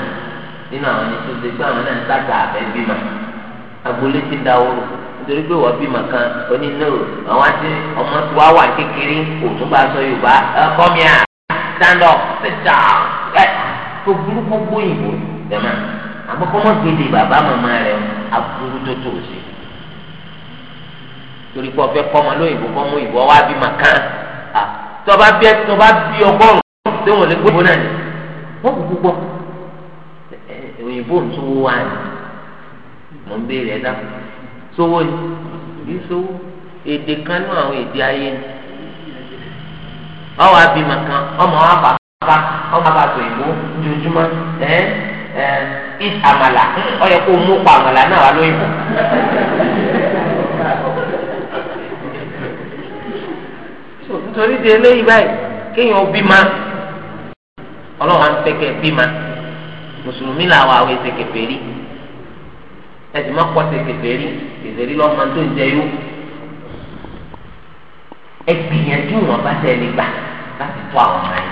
nínú àwọn ẹni tó ṣe pé àwọn náà ń tàkà àbẹ bímọ agboolé ti ń da horo nítorí pé wọ́n bímọ kan oní nọ́ọ̀ àwọn àti ọmọ tí wàá wà kékeré òtún bá sọ Yorùbá kọ́míà stand up sit down gbogbo gbogbo ìbò jẹ̀mọ́ àmọ́ kọ́mọ́gbèdè bàbá màmá rẹ̀ aburú tó tó o sí torí pé ọfẹ kọ́ ọmọ lóyìnbó kọ́ mú ìbọn wá bí màkàn à tọba bí tọba bí ọgọ́rùn tí wọn lè gbóná náà ni wọn kò gbogbo òyìnbó ń sówó wá ni mò ń béèrè ẹ dáko sówó ni kì í sówó èdè kan ní àwọn èdè ayé ni ọwọ abì màkàn ọmọ wa bà bá ọmọ bá tó ìbò ojoojúmọ́ ẹ ẹ ìsàmàlà ọyẹ kó mú pa àmàlà náà wà lóyìnbó. nítorí di eléyìí báyìí kéèyàn bí ma ọlọ́run á ń pẹ́kẹ́ bí ma mùsùlùmí làwọn àwọn èsè kèfèrí ẹ̀sìn má pọ̀ sí kèfèrí kèfèrí lọ́mọ tó ń jẹ yó ẹ gbìyànjú wọn bá tẹ ẹni gbà láti tó àwọn ọmọ yẹn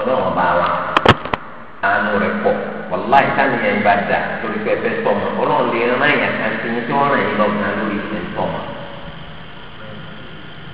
ọlọ́run bá wa àánú rẹ̀ pọ̀ wàláì sani yẹn bá torí pé ẹ fẹ́ tọ́ ọlọ́run lè rán àyàkà tí wọ́n ràn yín lórí ẹ̀ tọ́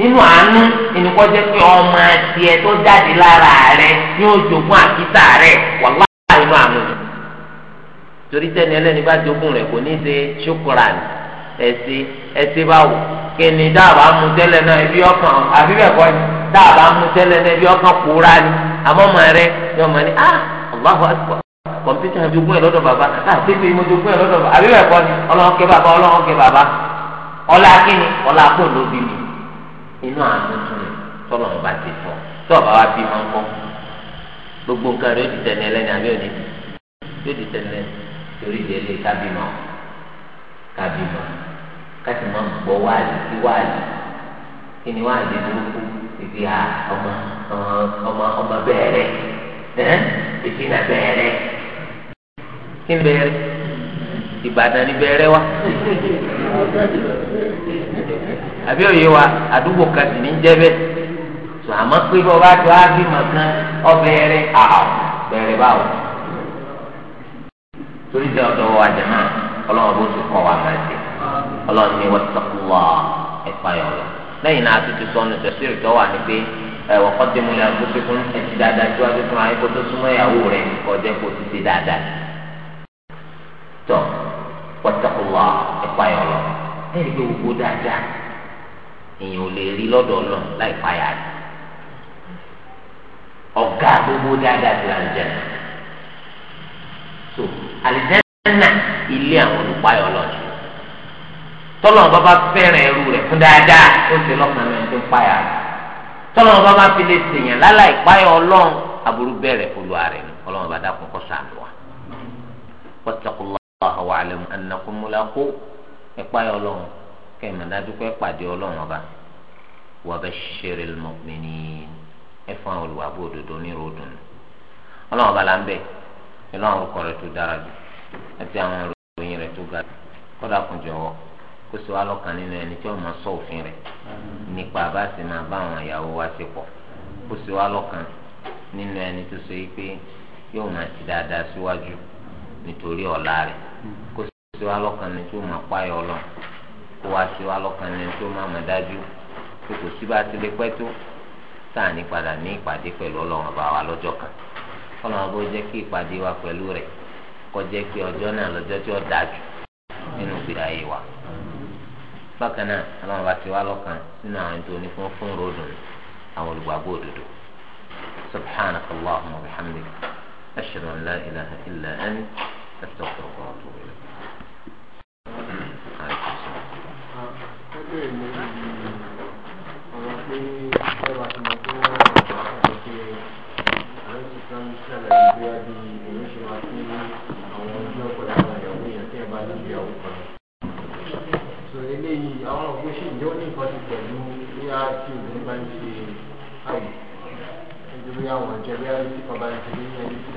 nínú àánú ìnìkọ́ jẹ́ pé ọmọ adìẹ tó jáde lára rẹ ní ojogún àkítà rẹ wàhálà inú àánú torí tẹ́ni ẹlẹ́ni bá jogún rẹ̀ kò ní ṣe ṣokoran ẹ̀sìn ẹ̀sìn báwò kíni dáàbà mú tẹ́lẹ̀ náà ibi ọkàn àbí bẹ́ẹ̀ kọ́ dáàbà mú tẹ́lẹ̀ náà ibi ọkàn kúra ni àmọ́ ọmọ rẹ ni ọmọ ni ah Allahu akbar kọ̀mpútà jogún ẹ̀ lọ́dọ̀ bàbá ah tẹ́lẹ̀ ìmọ̀ jogún ẹ̀ lọ́dọ̀ ni inú àánú tún tọ́lọ̀ ń bá ti fọ́ tó ọ̀bá wa bí máa ń kọ́ gbogbo nǹkan rẹ̀ ó ti tẹ̀lé ẹlẹ́ni àbí òní yóò ti tẹ̀lé torí ìdílé kábìmọ̀ kábìmọ̀ káti máa ń gbọ́ wáàlì sí wáàlì kí ni wáàlì burúkú ìdí à ọmọ ọmọ ọmọ bẹ́ẹ̀rẹ̀ ẹ̀ ìdí náà bẹ́ẹ̀rẹ̀ kí n bẹ́ẹ̀rẹ̀ ìbàdàn níbẹ̀ rẹ wa àbí òye wa àdúgbò kan sì ní jẹ́ bẹ́ẹ̀ tó àmọ́ pé bọ́ba tó á bí màkàn ọbẹ̀ rẹ àwọ̀ bẹ̀rẹ̀ báwò torí jẹ́ ọ̀dọ́ wa jẹ̀ náà ọlọ́run bó ti kọ́ wa máa ṣe ọlọ́run ní wọ́n ti sọ fún wa ẹ̀fà yọ̀ lọ lẹ́yìn náà tuntun sọnù tẹ̀síìrì tó wà ní pé ẹ̀wọ̀n kọ́ tẹ́mu ní agbóṣe fún ẹ̀sìn dáadáa tí wọ́n ti fún wa tó súnmọ́ ìyàwó tọ wọtakùwà ìpayọ lọ ẹni pé gbogbo dáadáa èèyàn ò lè rí lọ́dọ̀ lọ láì payà rẹ ọ̀gá gbogbo dáadáa ti lànjẹ so àlìjẹ́nà ilé àwọn olùpayọ lọ ni tọ́lọ̀ bá bá fẹ́ràn ẹrú rẹ̀ fún dáadáa ó ṣe lọ́kàn mẹ́rin tó ń payà rẹ tọ́lọ̀ bá bá fi lè sèyàn láláì payọ ọlọ́run aburú bẹ̀rẹ̀ olùwà rẹ̀ ni ọlọ́run bá dákun kọ́ sàánù wa. الله واعلم أنكم ملاقو إقبال الله كما ندوك إقبال الله وبا وبشر المؤمنين إفان والوابود دوني رودون الله بلا أمبي الله ركورة درجة أتعامل ìròyìn rẹ̀ tó ga kódà kún jọ̀wọ́ kó sì wá lọ́kàn nínú ẹni tí wọ́n máa sọ òfin rẹ̀ nípa bá sì máa bá àwọn ìyàwó wa ṣe pọ̀ kó sì wá lọ́kàn nínú ẹni tó sọ yìí pé yóò máa ti dáadáa síwájú nítorí ọ̀la rẹ̀ kó se wa lọ́kàn ní tó máa páyọ̀ ọlọ́run kó wá sí wa lọ́kàn ní tó máa mọ̀ dájú pé kò sí bá ti lè pẹ́ tó tá a ní padà ní ìpàdé pẹ̀lú ọlọ́run ọba wa lọ́jọ́ kan ọlọ́run bó jẹ́ kí ìpàdé wa pẹ̀lú rẹ̀ kọjá pé ọjọ́ náà lọ́jọ́ tí ó dáa jù nínú ìgbéra yìí wa bákan náà ọlọ́run bá ti wá lọ́kàn nínú àwọn ètò onífún fún ròdùn àwọn olùgbàgbọ́ òdodo subhanakallahumma wa bihamdika ashhadu an ilaha illa anta. استغفر الله واتوب اليه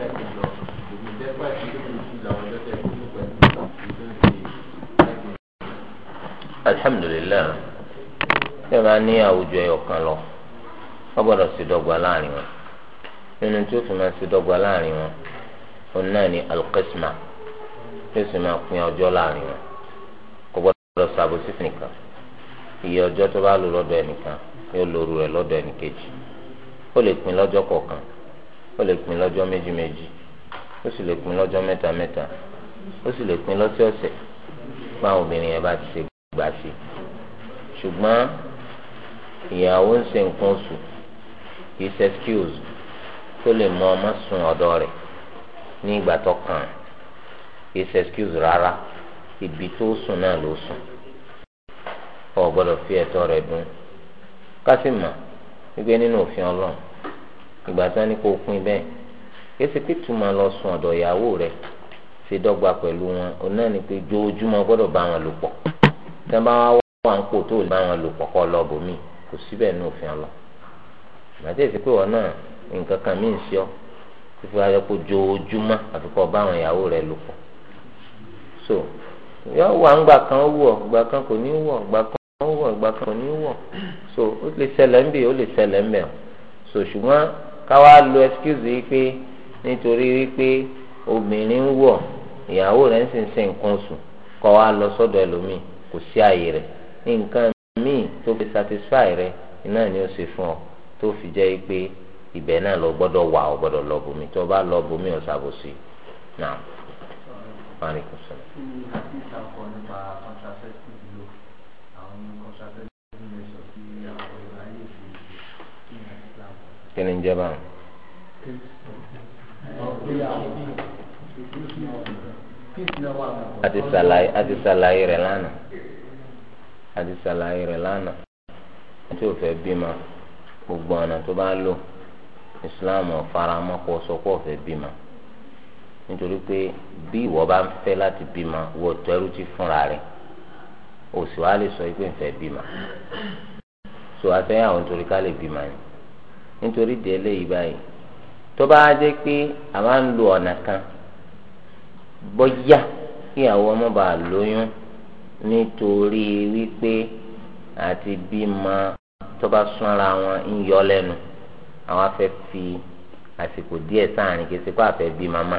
Thank you. alhamdulilayi a máa ní àwùjọ ẹyọkan lọ wọ́n gbọ́dọ̀ sí dọ́gba láàrin wọn nínú tí ó fi máa sí dọ́gba láàrin wọn òun náà ni alqisma tí ó sì máa láàrin wọn kò nìkan iye tó bá lò ẹnìkan yóò ẹnìkejì ó lè ó sì lè pín lọ́jọ́ mẹ́ta mẹ́ta ó sì lè pín lọ́sẹ̀ ọ̀sẹ̀ fún àwọn obìnrin yẹn bá ti ṣe gbà sí i ṣùgbọ́n ìyàwó ń ṣe nǹkan oṣù kì í ṣe excuse tó lè mú ọmọ sùn ọ̀dọ̀ rẹ̀ ní ìgbà tó kàn kì í ṣe excuse rárá ibi tó sùn náà ló sùn ọ gbọ́dọ̀ fi ẹ̀tọ́ rẹ̀ dùn ká sì mọ̀ wípé nínú òfin Ọlọ́run ìgbà tí ní kó pín bẹ́ẹ̀ kése pé tuma lọ sùn ọ̀dọ̀ ìyàwó rẹ̀ ṣe dọ́gba pẹ̀lú wọn ọ̀nà ni pé joojúmọ́ gbọ́dọ̀ bá wọn lò pọ̀ tẹ́ bá wá wà ń pò tó lè bá wọn lò pọ̀ kọ́ lọ bòmí kò síbẹ̀ ní òfin ọlọ màtí èsì pé wọn náà nǹkan kan mí ń ṣe ọ fífi wáyọ pé joojúmọ́ àfi bá àwọn ìyàwó rẹ̀ lò pọ̀ so yọ wà ń gbà kan wọ̀ gbà kan kò ní wọ̀ gbà kan wọ̀ gbà kan kò ní wọ̀ so ó lè ṣẹlẹ̀ ń bẹ̀ ó lè ṣẹlẹ̀ ń bẹ̀ so ṣùgbọ́n káwá lo excuse yìí pé nítorí wípé obìnrin ń wọ̀ ìyàwó rẹ ń sìn sìn nǹkan sùn wa lọ sọ́dọ̀ ẹlòmíì kò sí àyè rẹ nǹkan míì tó fi satisfy rẹ iná ni ó ṣe fún ọ tó fi jẹ́ pé ibẹ̀ náà lọ gbọ́dọ̀ wà ọ gbọ́dọ̀ lọ bòmí tó bá lọ bòmí ọ ṣàbòsí náà parí kò sọ. kí ni ń jẹ́ báwọn. àti sàlàyé àti sàlàyé rẹ̀ lánàá àti sàlàyé rẹ̀ lánàá o fẹ́ bímọ gbogbo ọ̀nà tó bá lò islam ọ̀faramọ́ kó sọ pé o fẹ́ bímọ nítorí pé bí ìwọ bá ń fẹ́ láti bímọ wọ tẹ́rù ti fúnra rẹ̀ o sì wá lè sọ pé n fẹ́ bímọ so afẹ́yàwó nítorí ká lè bímọ ni nítorí délé yìí báyìí tó bá dé pé àwa ń lo ọ̀nà kan bọ́yá kí àwọn ọmọ bá lóyún nítorí wípé àti bímọ tó bá sún ara wọn ń yọ lẹ́nu àwọn afẹ́ fi àsìkò díẹ̀ sáàrin kí sípò àfẹ́ bí màmá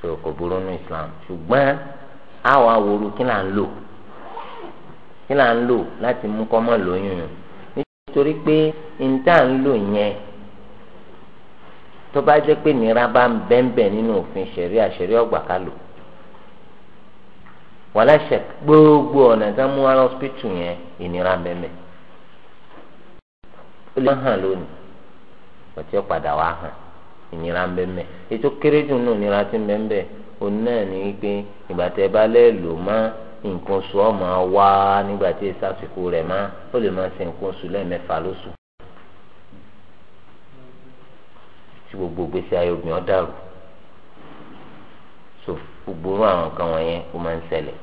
sọ̀rọ̀ kò burú nínú Islam ṣùgbọ́n àwọn àwòrán kí là ń lò kí là ń lò láti mú kọ́ mọ́ lóyún nítorí pé níta ń lò yẹn tó bá jẹ́ pé nira bá ń bẹ́ẹ̀nbẹ́ẹ̀ nínú òfin ṣẹ̀ríà ṣẹ̀ríà ọgbà ká lò gbogbo ọ̀nà tá mú wọn lọ́sípítù yẹn ìnira mẹ́mẹ́ ó lè hàn lónìí ọtí padà wá hàn ìnira mẹ́mẹ́ ètò kéré jù nù ti mẹ́mẹ́ òun náà ní pé ìgbà tẹ́ bá lẹ́ẹ̀ lò má nǹkan oṣù ọ̀ máa wá nígbà tí èsì rẹ̀ má ó lè kí gbogbo gbèsè ayé obìnrin ọ̀dàrú so gbogbo awọn àwọn nǹkan wọ̀nyẹn ó máa ń ṣẹlẹ̀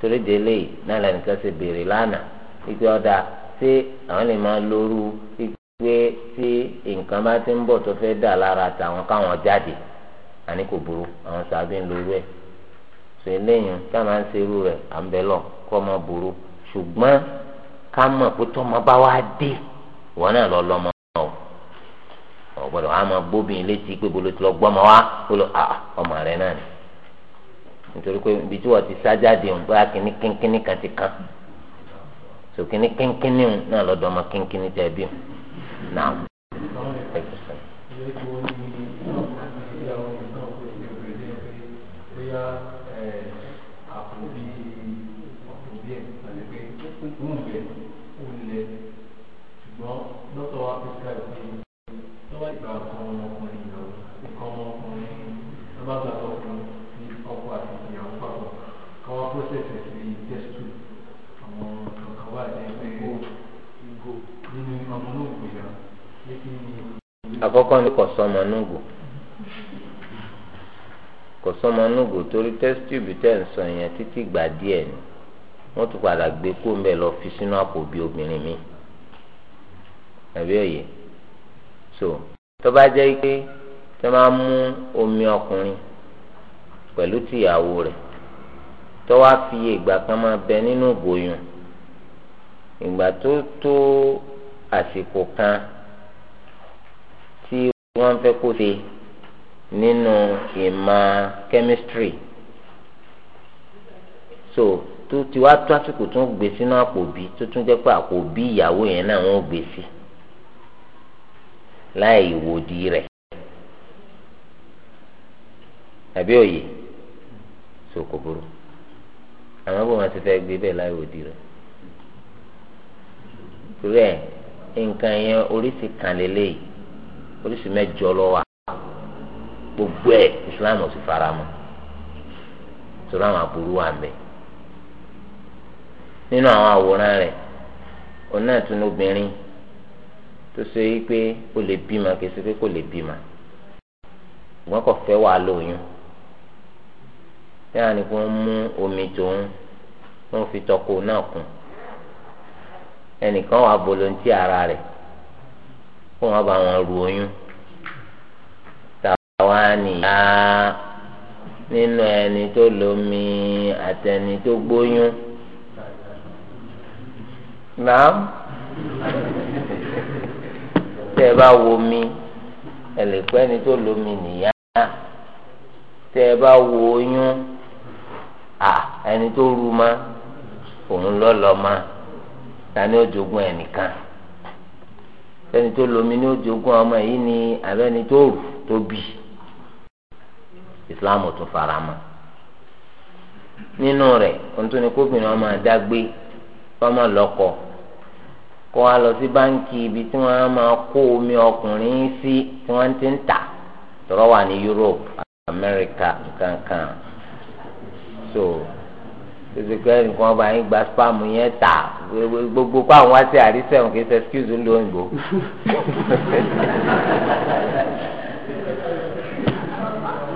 torí délé náà lẹ́nìkan ṣe béèrè lánàá wípé ọ̀dà ṣé àwọn lè máa lóru tí ti ń bọ̀ tó fẹ́ dà lára tàwọn káwọn jáde àní kò burú àwọn sàbẹ̀ ń lóru ẹ̀ so eléyìí a máa ń ṣe rẹ̀ à ń bẹ lọ kọ́ máa burú ṣùgbọ́n ká mọ̀ pé bá wá dé náà ọ̀gbọ́dọ̀ a máa gbóbin létí pé bolo ti lọ gbọ́mọ wa ó lọ à ah, ah, ọmọ rẹ náà ni nítorí pé ibi tí wọ́n ti sájáde ń bá kíní kínkínní kan ti kán so kíní kínkínní náà lọ́dọ̀ ọmọ kínkínní tẹ̀ bí náà. process ẹ̀ sí test two àwọn kankan wà ní ẹgbẹ́ ìgò nínú ọmọ náà gbé ya ní kí ni. àkọ́kọ́ ni kò sọmọ nùgò kò sọmọ nùgò torí test tube tẹ̀ ń sọ yẹn títí gbà díẹ̀ ni wọ́n tún padà gbé kó ń bẹ̀ lọ fi sínú àpò bí obìnrin mi àbí òye so tó bá jẹ́ pé tó máa mú omi ọkùnrin pẹ̀lú tìyàwó rẹ̀ tó wá fi ìgbà kan máa bẹ nínú ìbòyùn ìgbà tó tó àsìkò kan tí wọ́n fẹ́ kó ṣe nínú ìmọ̀ chemistry so tó ti wá tó àsìkò tó ń gbé sínú àpò bí tó tún jẹ́ pé àpò bí ìyàwó yẹn náà wọ́n gbé sí láì wòdì rẹ̀ àbí òye so kò burú àmọ́ bó wọn ti fẹ́ gbé bẹ́ẹ̀ láì òdì rẹ̀ torí ẹ̀ nǹkan yẹn oríṣi kan lélẹ́yìí oríṣi mẹ́jọ lọ wà gbogbo ẹ̀ Islam sì fara mọ́ torí àwọn aburú wà mẹ́ nínú àwọn àwòrán rẹ̀ òun náà tún obìnrin tó ṣe yí pé kò lè bímọ kì í ṣe pé kò lè bímọ ṣùgbọ́n kò fẹ́ wàá lóyún yára a kò ń mú omi tòun wọ́n fi tọkọ náà kùn ẹnìkan wà volonté ara rẹ̀ kó wọ́n bá wọn ru oyún tàwa nìyá nínú ẹni tó lomi àtẹni tó gbóyún nàám tẹ ẹ bá wo mi ẹ lè pẹ́ ẹni tó lomi nìyá tẹ ẹ bá wo oyún. A ẹni tó ru ma òun lọ lọ ma ta ni ó jogún ẹnìkan ẹni tó lomi ni ó jogún ọmọ yìí ni abẹ́ni tó rù tó bì Islam tún fara mọ́ nínú rẹ̀ tuntun ni ọmọ adágbé fọmọ lọ́kọ kó wa lọ sí báńkì ibi tí wọ́n máa kó omi ọkùnrin sí tí wọ́n ti ń tà tọrọ wà ní Europe America nǹkan kan so tètè ẹnìkan ọba yín gba spam yẹn tà gbogbo kó àwọn wá sí àrísẹ́wọ̀n kì í ṣe excuse ń lo òyìnbó.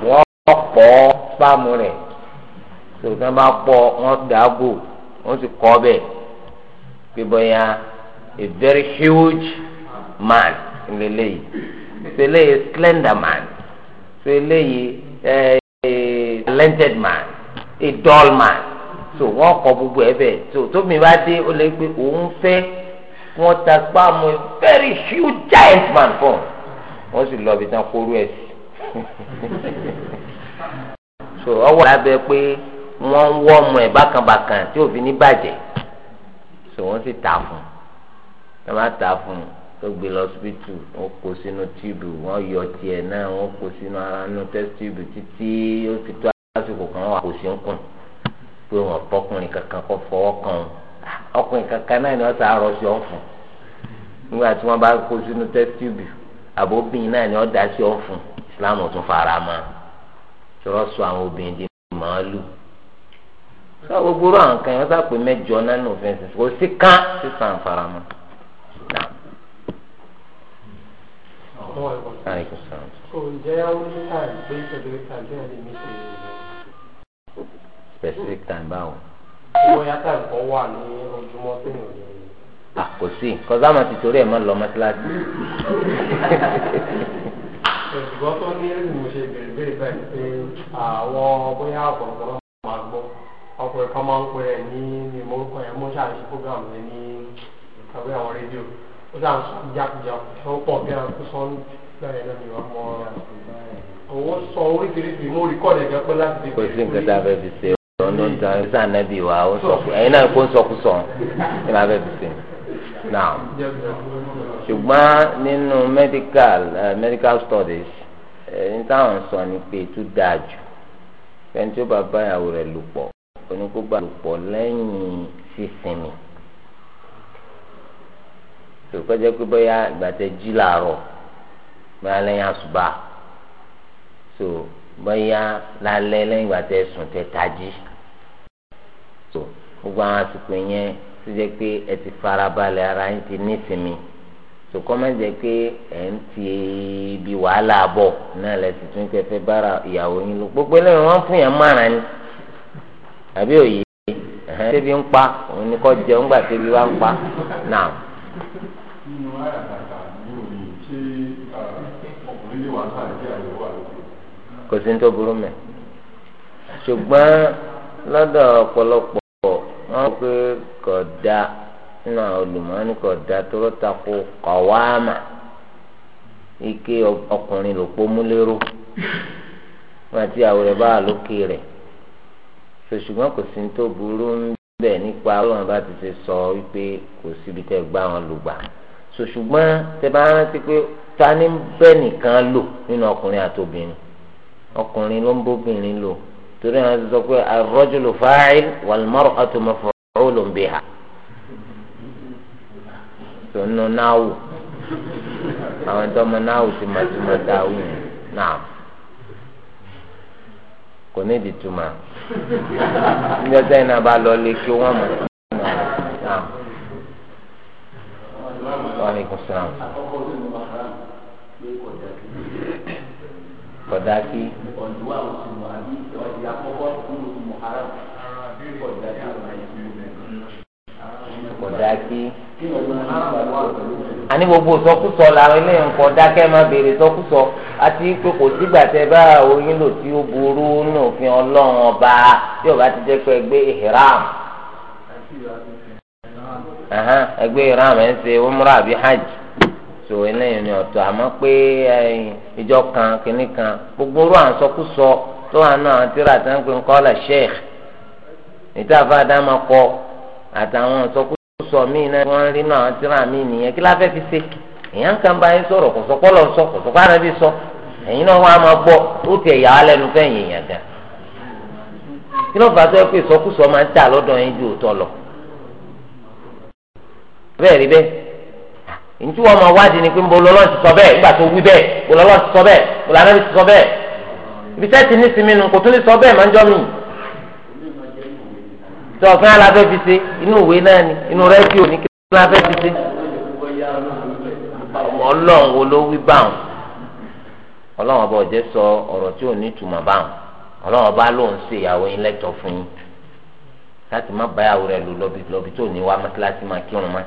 wọ́n pọ̀ spam rẹ̀ tòótọ́ bá pọ̀ wọ́n dàgbò wọ́n sì kọ́ bẹ̀ pé bóyá a very huge man lélẹ́yìí ṣe léyìí slender man ṣe léyìí eh, eh, talented man a dull man so wọ́n kọ gbogbo ẹ̀ bẹ́ẹ̀ so tómi bá dé ó lè gbé òun fẹ́ wọ́n ta pa mu a very huge giant man fún un wọ́n sì lọ ibi tán kóró ẹ̀ sí so ọwọ́ lábẹ́ pé wọ́n ń wọ́ ọmọ ẹ̀ bákanbákan tí òfin ní bàjẹ́ so wọ́n sì tà fún un wọ́n bá tà fún un tó gbé lọ síbítù wọ́n kó sínú tíìbù wọ́n yọ tiẹ̀ náà wọ́n kó sínú ara nínú tẹ́sítìbù títí ó fi tó lásìkò kan wà kò sí ń kùn pé wọn bọkùnrin kankan kọ fọwọ́ kan ọkùnrin kankan náà ni wọn sá rọ sí ọfun nígbà tí wọn bá kó sínú tẹsítúbù àbóbìnrin náà ni wọn dá sí ọfun islam tún fara mọ́ sọ̀rọ̀ sọ àwọn obìnrin di màálù sọ gbogbo rọ àwọn kan yẹn wọn sá pé mẹ́jọ náà ní òfin sísè kò sí kán sísan fara mọ́. Ǹjẹ́ àwọn oníṣàlùfẹ́ ìṣẹ̀lẹ̀ ìṣàlùfẹ́ ẹ̀rí mi ṣe é? specific time báwo. bóyá táyì kan wà ní ojúmọ́ tó yàn ní. kò sí kọ́sá máa ti torí ẹ̀ máa lọ mọ́ṣáláṣí. ṣùgbọ́n tó ní ẹ̀rù mo ṣe bèrè bèrè báyìí pé àwọn bóyá ọ̀pọ̀lọpọ̀ máa gbọ́ ọkùnrin kan máa ń pè ẹ̀ ní ní morúkọ ẹ̀ mo ṣàṣì program rẹ̀ ní ìkàwé àwọn rédíò ó ṣàṣì jákujáku tó pọ̀ bí i àwọn kó sọ́ọ́ bẹ́ẹ̀ lọ́nà ìwà mọ́ ọ̀rọ̀ òun sọ oríṣiríṣi mú rí kọ́ọ̀dù ẹ̀jẹ̀ pé láti dìbò. kò nǹkan tá a fẹ́ fi ṣe ọ̀nà ń tan sáà nẹ́bí wa ó sọ pé ẹ̀yin náà kó ń sọkúsọ ní ma fẹ́ fi ṣe náà ṣùgbọ́n nínú medical uh, medical studies ẹ̀yin eh, táwọn sọ ni pé tó dáa jù ẹni tó bá báyàwó rẹ̀ lò pọ̀ oníkóbá lò pọ̀ lẹ́yìn sísinmi tòkọ́jẹ́ pé bóyá ìgbà tẹ jí làárọ̀ bóyá lẹ́yìn àṣùbà so bóyá lálẹ́ lẹ́yìn ìgbà tẹ sùn tẹ tají so gbogbo àwọn àsìkò yẹn tó jẹ́ pé ẹ ti farabalẹ̀ ara yín ti nísìmí so kọ́mẹ́jẹ pé ẹ̀ ń ti ibi wàhálà bọ̀ náà lẹ́sìn tún kẹfẹ́ bára ìyàwó yín lò gbogbo lẹ́yìn wọ́n fún yẹn márùn ni àbí òye ẹ̀hẹ́n tẹ́bi ń pa òun ni kò jẹun gbà tẹ́bi wá ń pa náà. kò sí ní tó burú mẹ́ ṣùgbọ́n lọ́dọ̀ ọ̀pọ̀lọpọ̀ wọ́n pé kò da nínú àwọn olùmọ̀ọ́nì kò da tó ló takò kọ̀wáàmà ike ọkùnrin ló pọ́ múlẹ́rú wọn àti àwọn rẹ̀ bá wà lókè rẹ̀ ṣùgbọ́n kò sí ní tó burú bẹ́ẹ̀ nípa ọlọ́run bá ti ṣe sọ wípé kò síbi tẹ́ gbá wọn lùgbà ṣùgbọ́n tẹ́ bá rántí pé ta ni bẹ́ẹ̀ nìkan lò nínú ọkùnrin àtobìnrin ọkùnrin ló ń bóbìnrin lò torí àwọn ti sọ pé ar-rajulu fa'il wal mar'atu maf'ulun biha tó nù náà wò àwọn tó mọ náà wò ti máa ti máa dá náà kò ní ìdí tuma ní ọjọ́ yìí náà bá lọ lé kí wọ́n mọ̀ náà. Wa alaikum salaam. Àkọ́kọ́ kọ̀dá kí. ọ̀dùwà òsùnmọ̀ àbí ọ̀dì àkọ́kọ́ nínú òsùnmọ̀ ara kọ̀dá kí kọ̀dá kí. àní gbogbo sọkúsọ làwọn eléyìí ń kọ̀dá kẹ́ máa béèrè sọkúsọ àti pé kò sígbà tẹ bá oyin lò tí ó burú nínú òfin ọlọ́run ọba tí ọba ti jẹ́ pé gbé ìhìrám ẹgbẹ́ ìhìrám ẹ̀ ń ṣe umrah àbí hajj so eléyìí ni ọ̀tọ̀ àmọ́ pé ìjọ kan kìnnì kan gbogbo orú à ń sọkúsọ tó wà náà àwọn tíra àti ẹnìkan kọ́lá sheikh níta fàdá máa kọ àtàwọn sọkúsọ míì náà wọ́n rí náà àwọn tíra míì nìyẹn kí la fẹ́ fi ṣe èèyàn kan bá yín sọ̀rọ̀ kòsókó lọ sọ kòsókó àná bí sọ ẹ̀yin náà wọ́n á máa gbọ́ ó tiẹ̀ yà á lẹ́nu fẹ́yìn èèyàn gan kí ló fà á sọ pé ìsọkúsọ máa ń tà lọ́dọ̀ yín ju òótọ́ lọ bẹ́ẹ̀ rí bẹ́ẹ̀ ntí wọn máa wádìí ni pé nbọ lọlọ́n ti sọ bẹ́ẹ̀ nígbà tó wí bẹ́ẹ̀ nbọ lọlọ́n ti sọ bẹ́ẹ̀ nbọ lọlọ́n ti sọ bẹ́ẹ̀ ibi tẹ́ ti ní sinmi nu kò tún lè sọ bẹ́ẹ̀ máa ń jọ mí. tí ọ̀fin alábẹ́ fi ṣe inú ìwé náà ni inú rẹ́díò ní kí alábẹ́ fi ṣe. ọlọ́run wo ló wí báwọn ọlọ́run ọba ọ̀jẹ́ sọ ọ̀rọ̀ tí ò ní ìtumọ̀ báwọn ọlọ́run ọba ló ń ṣe ìyàwó yín lẹ́tọ̀ọ́ fún yín láti má báyàwó rẹ̀ lò lọ́bi tó ní wá mọ́ kíláàsì máa kírun máa.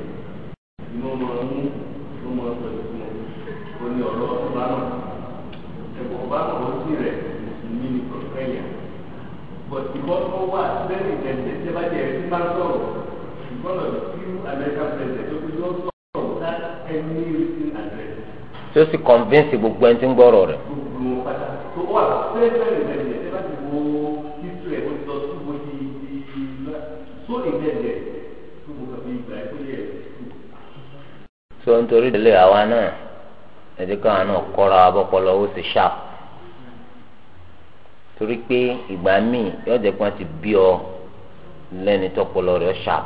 ìmọ̀ mọ̀ ọ́n mú ìmọ̀ mọ̀ ọ́n pẹ̀lú fún un ní ọ̀rọ̀ ọba náà ẹ̀kọ́ ọba náà wọ́n sì rẹ̀ mùsùlùmí ní pẹ̀lẹ́yà but ìbọn tó wà lẹ́yìn ìdẹ̀ǹdẹ̀ tí bá jẹ́ ẹ̀rí máa sọ̀rọ̀ ìbọn lọ sí Amẹ́ríkà pẹ̀lẹ́ tó fi lọ́ sọ̀rọ̀ ká ẹni rí àdẹ̀. tí ó sì convince gbogbo ẹni tí ń gbọ́rọ̀ rẹ̀. gbogbo wọn padà tó wà lẹ́yìn ìdẹ̀ǹdẹ̀ tí bá ti so nítorí ìdílé àwa náà ẹ̀dí káwọn náà kọ́ra abọ́pọ̀lọ́ ó sì ṣáp torí pé ìgbà míì yóò jẹ́ pé wọ́n ti bí ọ lẹ́ni tọ́pọ̀lọ́ rẹ̀ ṣáp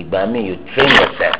ìgbà míì you train yourself.